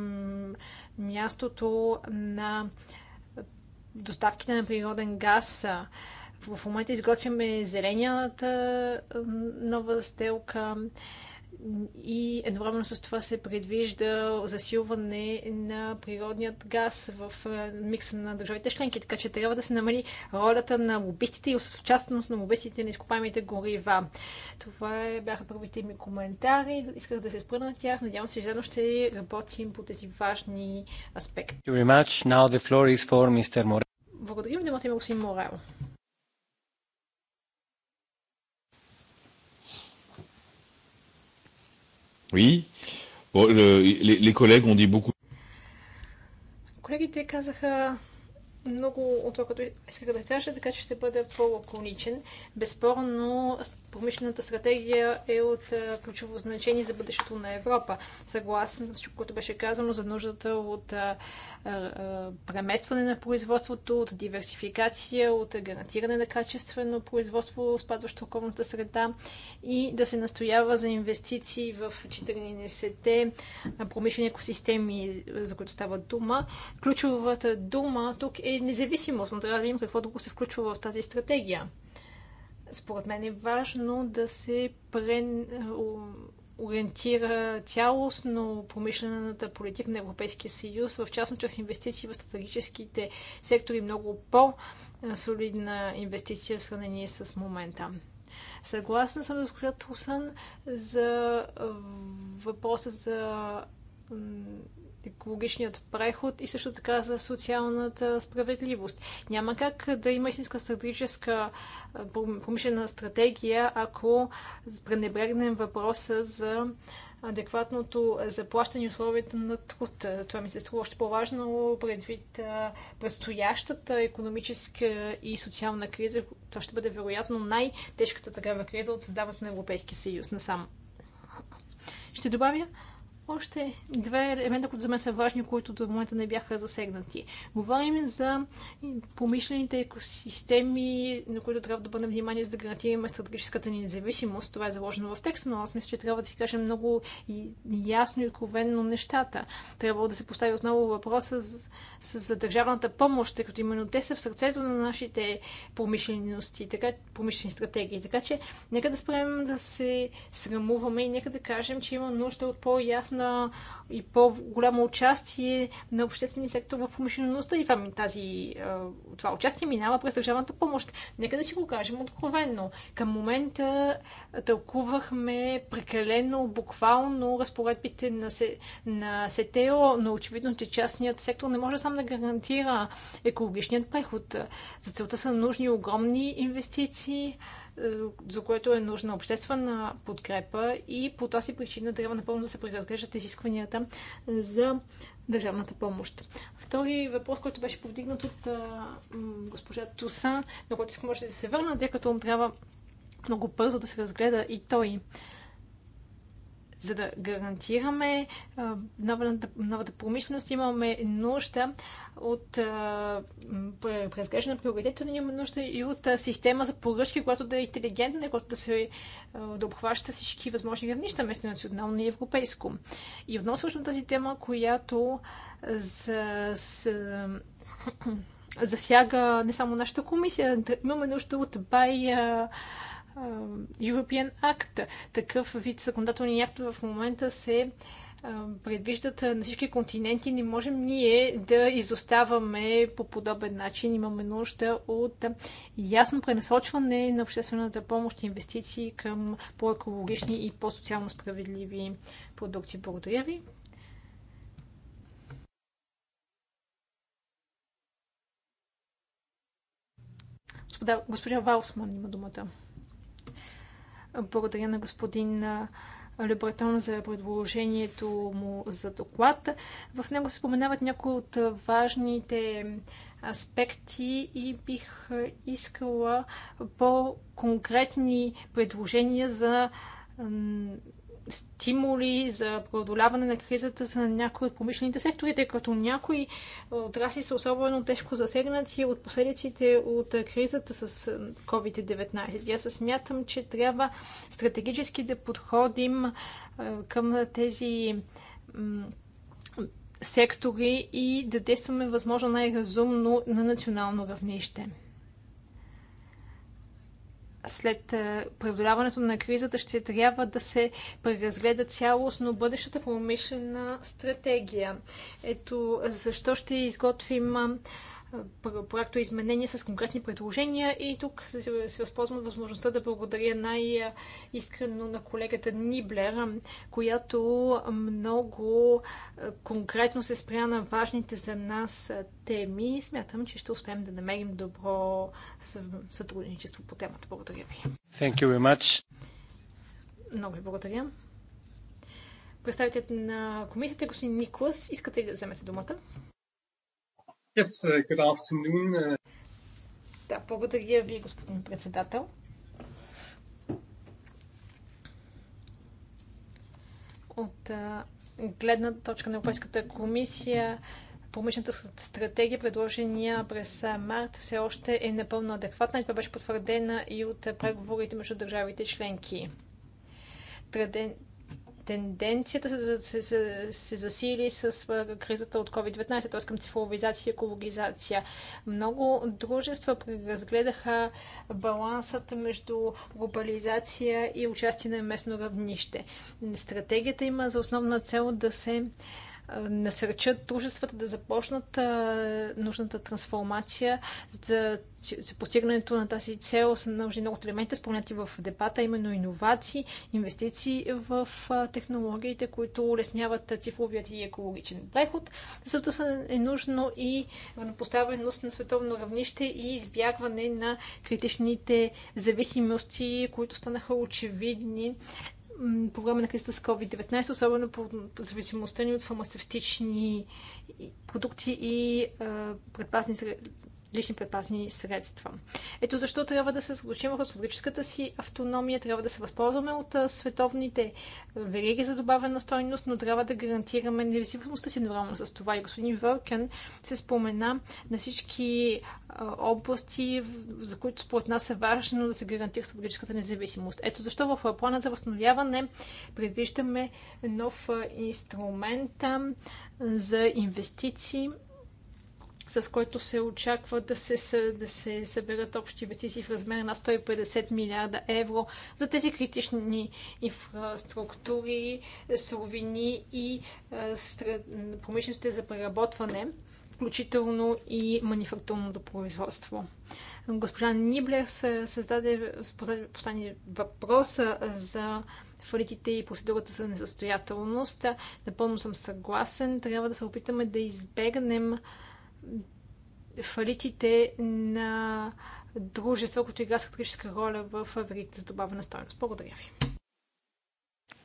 мястото на доставките на природен газ. В момента изготвяме зелената нова стелка, и едновременно с това се предвижда засилване на природният газ в микса на държавите членки, така че трябва да се намали ролята на лобистите и в частност на лобистите на изкопаемите горива. Това е, бяха първите ми коментари. Исках да се спра на тях. Надявам се, че заедно ще работим по тези важни аспекти. Благодарим, да има господин Морел. Oui. Bon, le, les, les collègues ont dit beaucoup. Колегите казаха много от това, което исках да кажа, така че ще бъда по-лаконичен. Безспорно, промишлената стратегия е от е, ключово значение за бъдещето на Европа. Съгласен с всичко, което беше казано за нуждата от е, е, преместване на производството, от диверсификация, от гарантиране на качествено производство, спазващо околната среда и да се настоява за инвестиции в 14-те промишлени екосистеми, за които става дума. Ключовата дума тук е независимост, но трябва да видим какво друго се включва в тази стратегия според мен е важно да се прен... ориентира цялостно промишлената политика на Европейския съюз, в частност чрез инвестиции в стратегическите сектори, много по-солидна инвестиция в сравнение с момента. Съгласна съм с госпожа Трусан за въпроса за екологичният преход и също така за социалната справедливост. Няма как да има истинска стратегическа промишлена стратегия, ако пренебрегнем въпроса за адекватното заплащане и условията на труд. Това ми се струва още по-важно предвид предстоящата економическа и социална криза. Това ще бъде вероятно най-тежката такава криза от създаването на Европейския съюз насам. Ще добавя още две елемента, които за мен са важни, които до момента не бяха засегнати. Говорим за помишлените екосистеми, на които трябва да бъдем внимание, за да гарантираме стратегическата ни независимост. Това е заложено в текста, но аз мисля, че трябва да си кажем много ясно и откровенно нещата. Трябва да се постави отново въпроса с, с, за държавната помощ, тъй като именно те са в сърцето на нашите промишлености, така, промишлени стратегии. Така че нека да спрем да се срамуваме и нека да кажем, че има нужда от по ясно на и по-голямо участие на обществения сектор в промишлеността и това, тази, това участие минава през държавната помощ. Нека да си го кажем откровенно. Към момента тълкувахме прекалено буквално разпоредбите на, се, на СТО, но очевидно, че частният сектор не може сам да гарантира екологичният преход. За целта са нужни огромни инвестиции, е, за което е нужна обществена подкрепа и по тази причина трябва напълно да се преразглеждат изискванията за държавната помощ. Втори въпрос, който беше повдигнат от а, е, госпожа Туса, на който искам да се върна, тъй като му трябва много бързо да се разгледа и той. За да гарантираме новата, новата промишленост, имаме нужда от преразглеждане на приоритета, но имаме нужда и от система за поръчки, която да е интелигентна, която да се да обхваща всички възможни равнища, местно национално и европейско. И относно тази тема, която за, за засяга не само нашата комисия. Имаме нужда от бай European Act. Такъв вид законодателни актове в момента се предвиждат на всички континенти. Не можем ние да изоставаме по подобен начин. Имаме нужда от ясно пренасочване на обществената помощ и инвестиции към по-екологични и по-социално справедливи продукти. Благодаря ви. Господа, госпожа Валсман има думата. Благодаря на господин Лебретон за предложението му за доклад. В него се споменават някои от важните аспекти и бих искала по-конкретни предложения за стимули за преодоляване на кризата за някои от промишлените сектори, тъй като някои отрасли са особено тежко засегнати от последиците от кризата с COVID-19. Аз смятам, че трябва стратегически да подходим към тези сектори и да действаме възможно най-разумно на национално равнище след е, преодоляването на кризата ще трябва да се преразгледа цялостно бъдещата промишлена стратегия. Ето защо ще изготвим е, проекто изменения с конкретни предложения и тук се, се възползвам възможността да благодаря най-искрено на колегата Ниблер, която много конкретно се спря на важните за нас теми. Смятам, че ще успеем да намерим добро сътрудничество по темата. Благодаря ви. Thank you very much. Много ви благодаря. Представителят на комисията, господин Никлас, искате ли да вземете думата? Yes, uh, good afternoon. Uh, да, благодаря ви, господин председател. От гледна точка на Европейската комисия, промишлената стратегия, предложения през март, все още е напълно адекватна и това беше потвърдена и от преговорите между държавите членки тенденцията се, се, се, се засили с кризата от COVID-19, т.е. към цифровизация и екологизация. Много дружества разгледаха балансът между глобализация и участие на местно равнище. Стратегията има за основна цел да се насърчат дружествата да започнат нужната трансформация за, за постигането на тази цел са нужни много елементи, спомняти в дебата, именно иновации, инвестиции в технологиите, които улесняват цифровият и екологичен преход. Защото е нужно и равнопоставеност на световно равнище и избягване на критичните зависимости, които станаха очевидни по време на кризата с COVID-19, особено по, по зависимостта ни от фармацевтични продукти и а, предпазни лични предпазни средства. Ето защо трябва да се случим върху стратегическата си автономия, трябва да се възползваме от световните вериги за добавена стойност, но трябва да гарантираме независимостта си едновременно с това. И господин Вълкен се спомена на всички области, за които според нас е важно да се гарантира стратегическата независимост. Ето защо в плана за възстановяване предвиждаме нов инструмент за инвестиции с който се очаква да се, да се съберат общи инвестиции в размер на 150 милиарда евро за тези критични инфраструктури, суровини и промишлените за преработване, включително и манифактурното производство. Госпожа Ниблер създаде последни въпроса за фалитите и процедурата за несъстоятелност. Напълно съм съгласен. Трябва да се опитаме да избегнем фалитите на дружества, които играят стратегическа роля в веригите за добавена стоеност. Благодаря ви.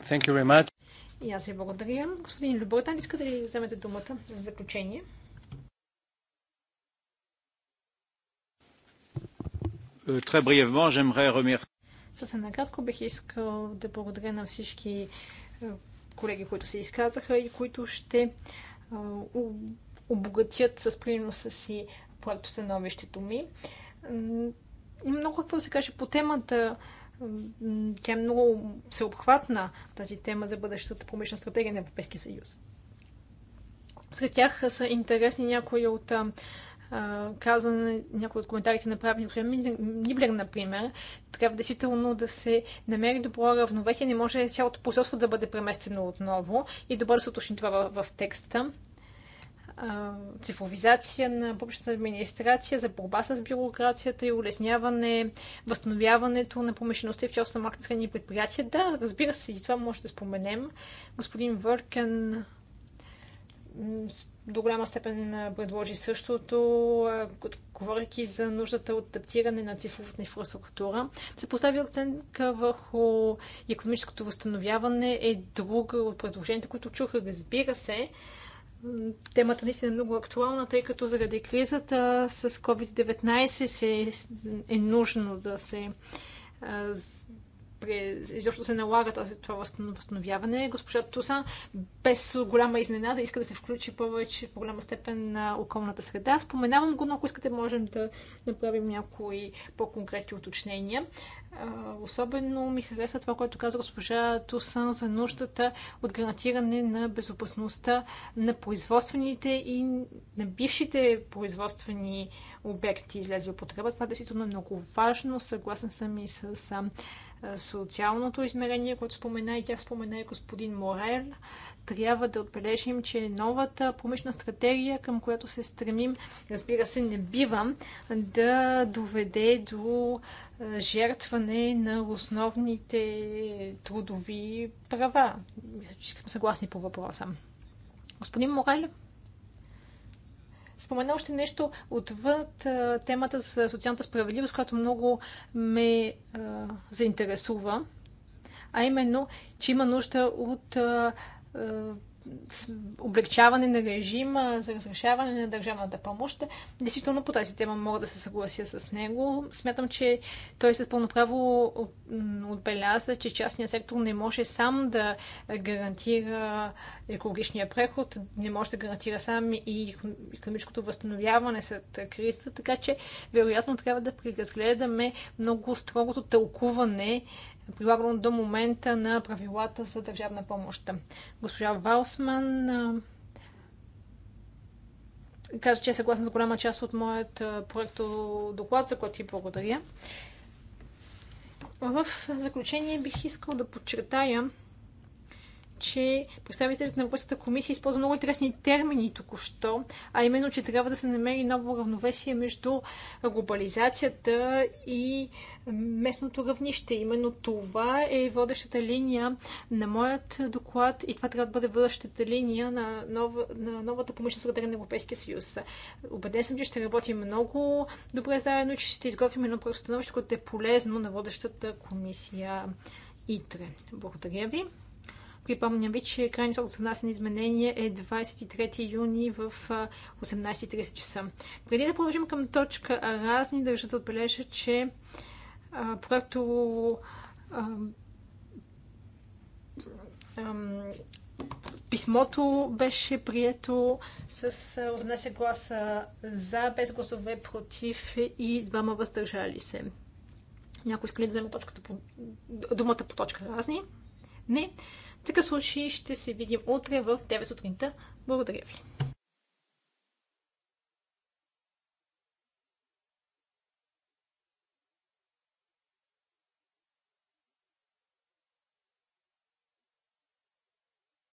Thank you very much. И аз ви благодаря. Господин Любъртан, искате да ли вземете думата за заключение? Euh, Съвсем накратко бих искал да благодаря на всички е, колеги, които се изказаха и които ще е, обогатят с приноса си становището ми. Има много какво да се каже по темата. Тя е много всеобхватна, тази тема за бъдещата промишлена стратегия на Европейския съюз. Сред тях са интересни някои от казан някои от коментарите направени от Ниблер, например, трябва действително да се намери добро равновесие. Не може цялото производство да бъде преместено отново и добре да се уточни това в, в текста цифровизация на публичната администрация, за борба с бюрокрацията и улесняване възстановяването на промишлеността в част на малките предприятия. Да, разбира се, и това може да споменем. Господин Въркен до голяма степен предложи същото, говоряки за нуждата от адаптиране на цифровата инфраструктура. Се постави оценка върху економическото възстановяване е друга от предложенията, които чуха, разбира се, темата наистина е много актуална, тъй като заради кризата с COVID-19 е нужно да се изобщо се налага тази, това възстановяване. Госпожа Туса без голяма изненада иска да се включи повече в голяма степен на околната среда. Споменавам го, но ако искате можем да направим някои по-конкретни уточнения. Особено ми хареса това, което каза госпожа Тусан за нуждата от гарантиране на безопасността на производствените и на бившите производствени обекти излезли от потреба. Това действително е много важно. Съгласен съм и с социалното измерение, което спомена и тя спомена и господин Морел, трябва да отбележим, че новата промишлена стратегия, към която се стремим, разбира се, не бива да доведе до жертване на основните трудови права. Мисля, че сме съгласни по въпроса. Господин Морел? спомена още нещо отвъд темата за социалната справедливост, която много ме а, заинтересува, а именно, че има нужда от а, облегчаване на режима за разрешаване на държавната помощ. Действително по тази тема мога да се съглася с него. Смятам, че той се пълноправо отбеляза, че частният сектор не може сам да гарантира екологичния преход, не може да гарантира сам и економическото възстановяване след кризата, така че вероятно трябва да преразгледаме много строгото тълкуване прилагано до момента на правилата за държавна помощ. Госпожа Валсман каза, че е съгласна с голяма част от моят проекто доклад, за който ти благодаря. В заключение бих искал да подчертая, че представителят на Европейската комисия използва много интересни термини току-що, а именно, че трябва да се намери ново равновесие между глобализацията и местното равнище. Именно това е водещата линия на моят доклад и това трябва да бъде водещата линия на, нов, на новата помишна стратегия на Европейския съюз. Обеден съм, че ще работим много добре заедно и че ще изготвим едно просто становище, което е полезно на водещата комисия ИТРЕ. Благодаря ви. Припомням ви, че крайният срок за внасяне на е 23 юни в 18.30 часа. Преди да продължим към точка разни, държа да отбележа, че проекто Писмото беше прието с 18 гласа за, без гласове против и двама въздържали се. Някой иска ли да вземе точката по... думата по точка разни? Не. В такъв случай ще се видим утре в 9 сутринта. Благодаря ви.